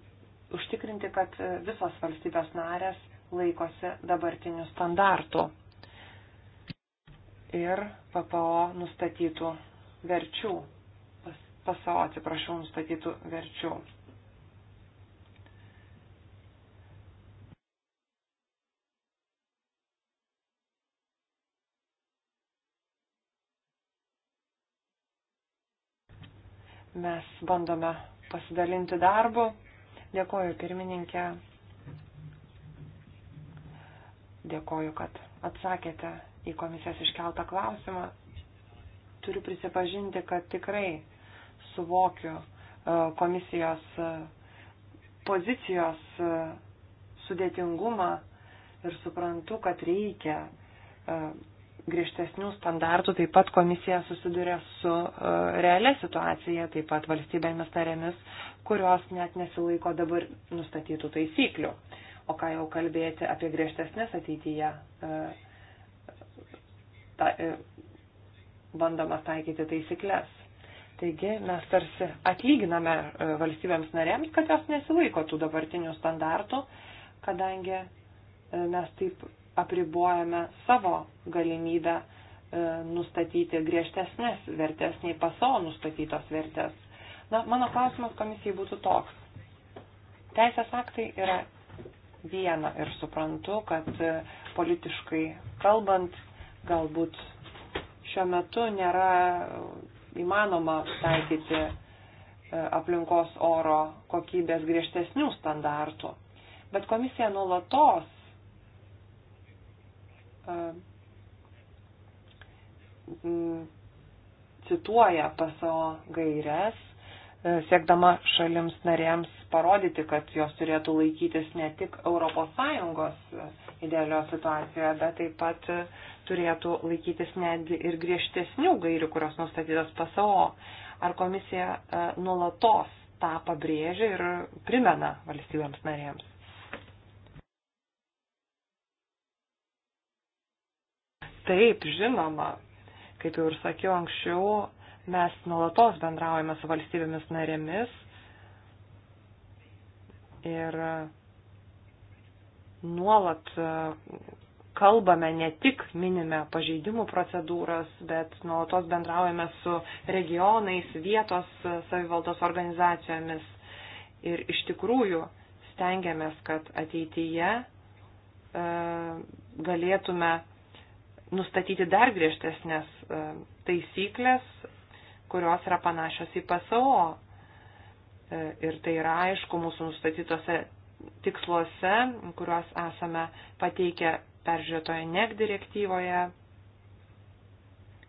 užtikrinti, kad visos valstybės narės laikosi dabartinių standartų ir PPO nustatytų verčių, PSO, atsiprašau, nustatytų verčių. Mes bandome pasidalinti darbu. Dėkoju pirmininkė. Dėkoju, kad atsakėte į komisijos iškeltą klausimą. Turiu prisipažinti, kad tikrai suvokiu e, komisijos e, pozicijos e, sudėtingumą ir suprantu, kad reikia griežtesnių standartų. Taip pat komisija susiduria su realia situacija, taip pat valstybėmis tarėmis, kurios net nesilaiko dabar nustatytų taisyklių. O ką jau kalbėti apie griežtesnės ateityje ta, e, bandomas taikyti taisyklės. Taigi mes tarsi atlyginame e, valstybėms narėms, kad jos nesilaiko tų dabartinių standartų, kadangi e, mes taip apribojame savo galimybę nustatyti griežtesnės vertės nei paso nustatytos vertės. Na, mano klausimas komisijai būtų toks. Teisės aktai yra viena ir suprantu, kad politiškai kalbant galbūt šiuo metu nėra įmanoma taikyti e, aplinkos oro kokybės griežtesnių standartų. Bet komisija nuolatos e, cituoja PSO gairias, e, siekdama šalims narėms parodyti, kad jos turėtų laikytis ne tik ES idealio situacijoje, bet taip pat turėtų laikytis netgi ir griežtesnių gairių, kurios nustatytos PSO. Ar komisija e, nulatos tą pabrėžia ir primena valstybėms narėms? Taip, žinoma, kaip jau ir sakiau anksčiau, mes nuolatos bendraujame su valstybėmis narėmis ir nuolat e, kalbame, ne tik minime pažeidimų procedūras, bet nuolatos bendraujame su regionais, vietos savivaldos organizacijomis ir iš tikrųjų stengiamės, kad ateityje e, galėtume nustatyti dar griežtesnės e, taisyklės, kurios yra panašios į PSO. E, ir tai yra aišku mūsų nustatytose tiksluose, kuriuos esame pateikę peržiūrėtoje NEC direktyvoje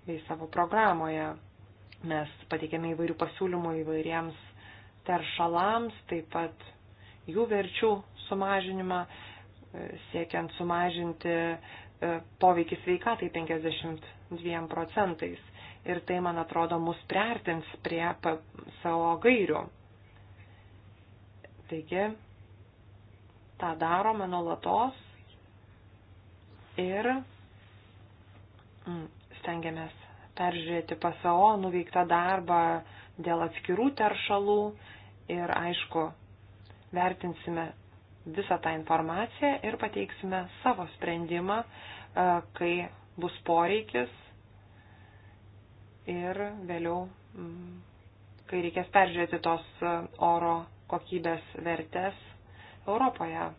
bei savo programoje. Mes pateikėme įvairių pasiūlymų įvairiems teršalams, taip pat jų verčių sumažinimą, e, siekiant sumažinti e, poveikį sveikatai 52 procentais. Ir tai, man atrodo, mus priartins prie savo gairių. Taigi, tą darome nuolatos ir mm, stengiamės peržiūrėti PSO nuveiktą darbą dėl atskirų teršalų ir aišku, vertinsime visą tą informaciją ir pateiksime savo sprendimą, e, kai bus poreikis ir vėliau, mm, kai reikės peržiūrėti tos e, oro kokybės vertės Europoje.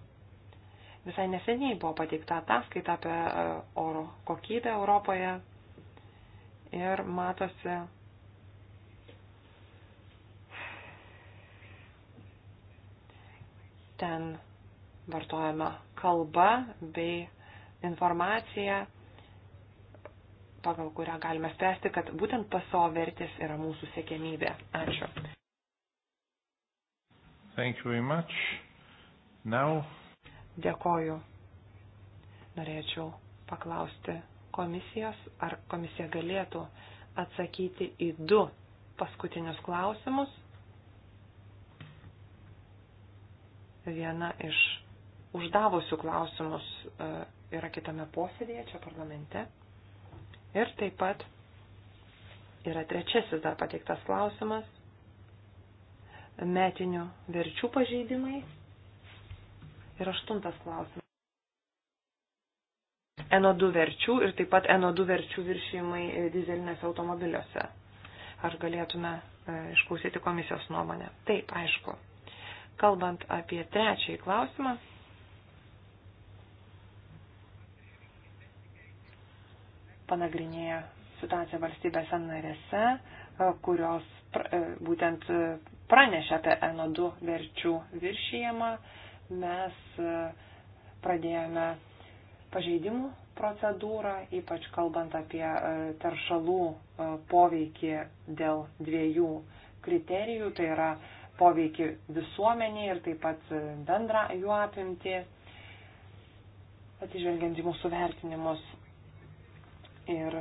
Visai neseniai buvo pateikta ataskaita apie e, oro kokybę Europoje ir matosi, ten vartojama kalba bei informacija, pagal kurią galime spręsti, kad būtent paso vertis yra mūsų sėkiamybė. Ačiū. Thank you very much. Now Dėkoju. Norėčiau paklausti komisijos, ar komisija galėtų atsakyti į du paskutinius klausimus. Viena iš uždavusių klausimus e, yra kitame posėdėje čia parlamente. Ir taip pat yra trečiasis dar pateiktas klausimas - metinių verčių pažeidimai ir aštuntas klausimas. NO2 verčių ir taip pat NO2 verčių viršymai e, dizelinėse automobiliuose. Ar galėtume e, išklausyti komisijos nuomonę? Taip, aišku. Kalbant apie trečiąjį klausimą. Panagrinėję situaciją valstybėse narėse, e, kurios būtent pranešė apie NO2 verčių viršijimą, mes e, pradėjome pažeidimų procedūrą, ypač kalbant apie e, teršalų e, poveikį dėl dviejų kriterijų, tai yra poveikį visuomenį ir taip pat bendrą jų apimti, atsižvelgiant į mūsų vertinimus. Ir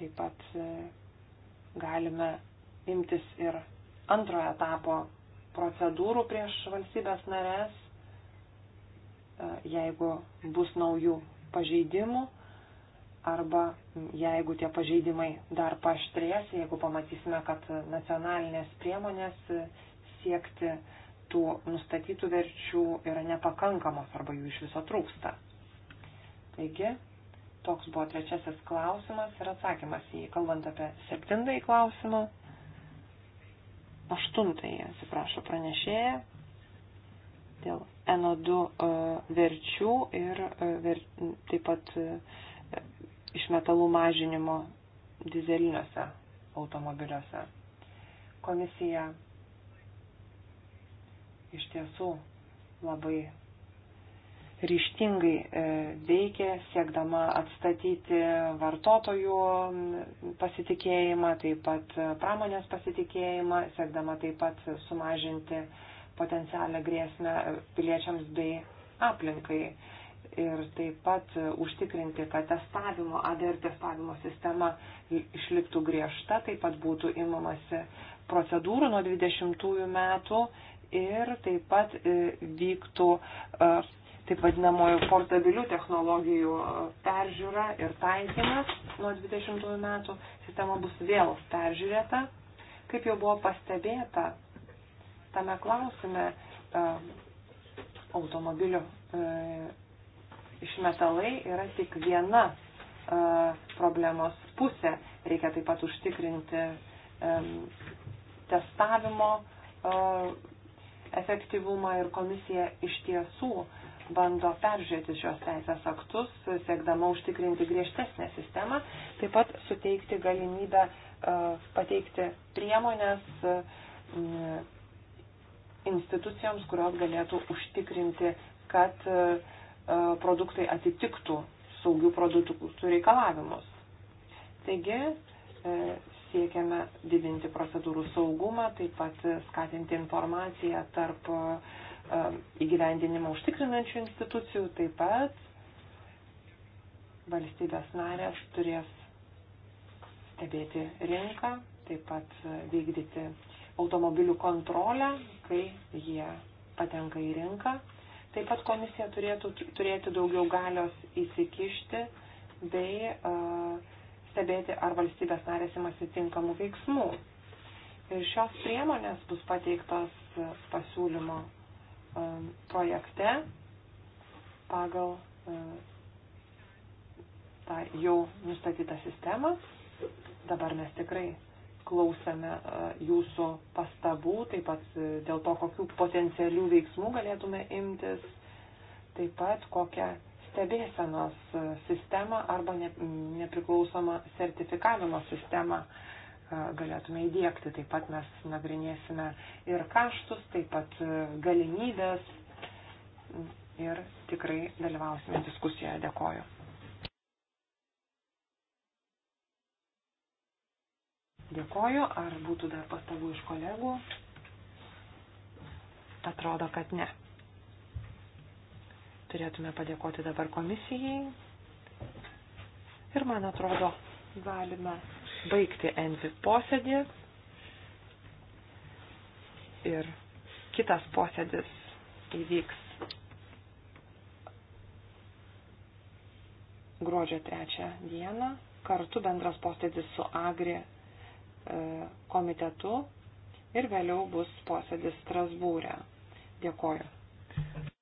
taip pat galime imtis ir antrojo etapo procedūrų prieš valstybės narės, e, jeigu bus naujų pažeidimų arba jeigu tie pažeidimai dar paštrės, jeigu pamatysime, kad nacionalinės priemonės siekti tų nustatytų verčių yra nepakankamos arba jų iš viso trūksta. Taigi, toks buvo trečiasis klausimas ir atsakymas į jį, kalbant apie septintąjį klausimą aštuntąjį, atsiprašau, pranešėją dėl NO2 e, verčių ir e, ver, taip pat e, iš metalų mažinimo dizeliniuose automobiliuose. Komisija iš tiesų labai ryštingai e, veikia, siekdama atstatyti vartotojų pasitikėjimą, taip pat e, pramonės pasitikėjimą, siekdama taip pat sumažinti potencialią grėsmę e, piliečiams bei aplinkai ir taip pat užtikrinti, kad testavimo, ADR testavimo sistema išliktų griežta, taip pat būtų imamasi procedūrų nuo 20 metų ir taip pat vyktų taip vadinamojų portabilių technologijų peržiūra ir taikymas nuo 20 metų. Sistema bus vėl peržiūrėta. Kaip jau buvo pastebėta, tame klausime e, automobilių e, išmetalai yra tik viena e, problemos pusė. Reikia taip pat užtikrinti testavimo efektyvumą ir komisija iš tiesų uh, bando peržiūrėti šios teisės aktus, siekdama užtikrinti griežtesnę sistemą, taip pat suteikti galimybę e, pateikti priemonės e, institucijoms, kurios galėtų užtikrinti, kad e, produktai atitiktų saugių produktų reikalavimus. Taigi, siekiame didinti procedūrų saugumą, taip pat skatinti informaciją tarp uh, E, įgyvendinimą užtikrinančių institucijų, taip pat valstybės narės turės stebėti rinką, taip pat vykdyti automobilių kontrolę, kai jie patenka į rinką. Taip pat komisija turėtų turėti daugiau galios įsikišti bei uh, stebėti, ar valstybės narės imasi tinkamų veiksmų. Ir šios priemonės bus pateiktos pasiūlymo E, projekte pagal e, tą jau nustatytą sistemą. Dabar mes tikrai klausome e, jūsų pastabų, taip pat dėl to, kokių potencialių veiksmų galėtume imtis, taip pat kokią stebėsenos sistemą arba nepriklausomą sertifikavimo sistemą galėtume įdėkti. Taip pat mes nagrinėsime ir kaštus, taip pat e, galimybės ir tikrai dalyvausime diskusijoje. Dėkoju. Dėkoju. Ar būtų dar pastabų iš kolegų? Atrodo, kad ne. Turėtume padėkoti dabar komisijai. Ir man atrodo, galime baigti Envi posėdį. Ir kitas posėdis įvyks gruodžio 3 dieną. Kartu bendras posėdis su Agri e, komitetu ir vėliau bus posėdis Strasbūrė. Dėkoju.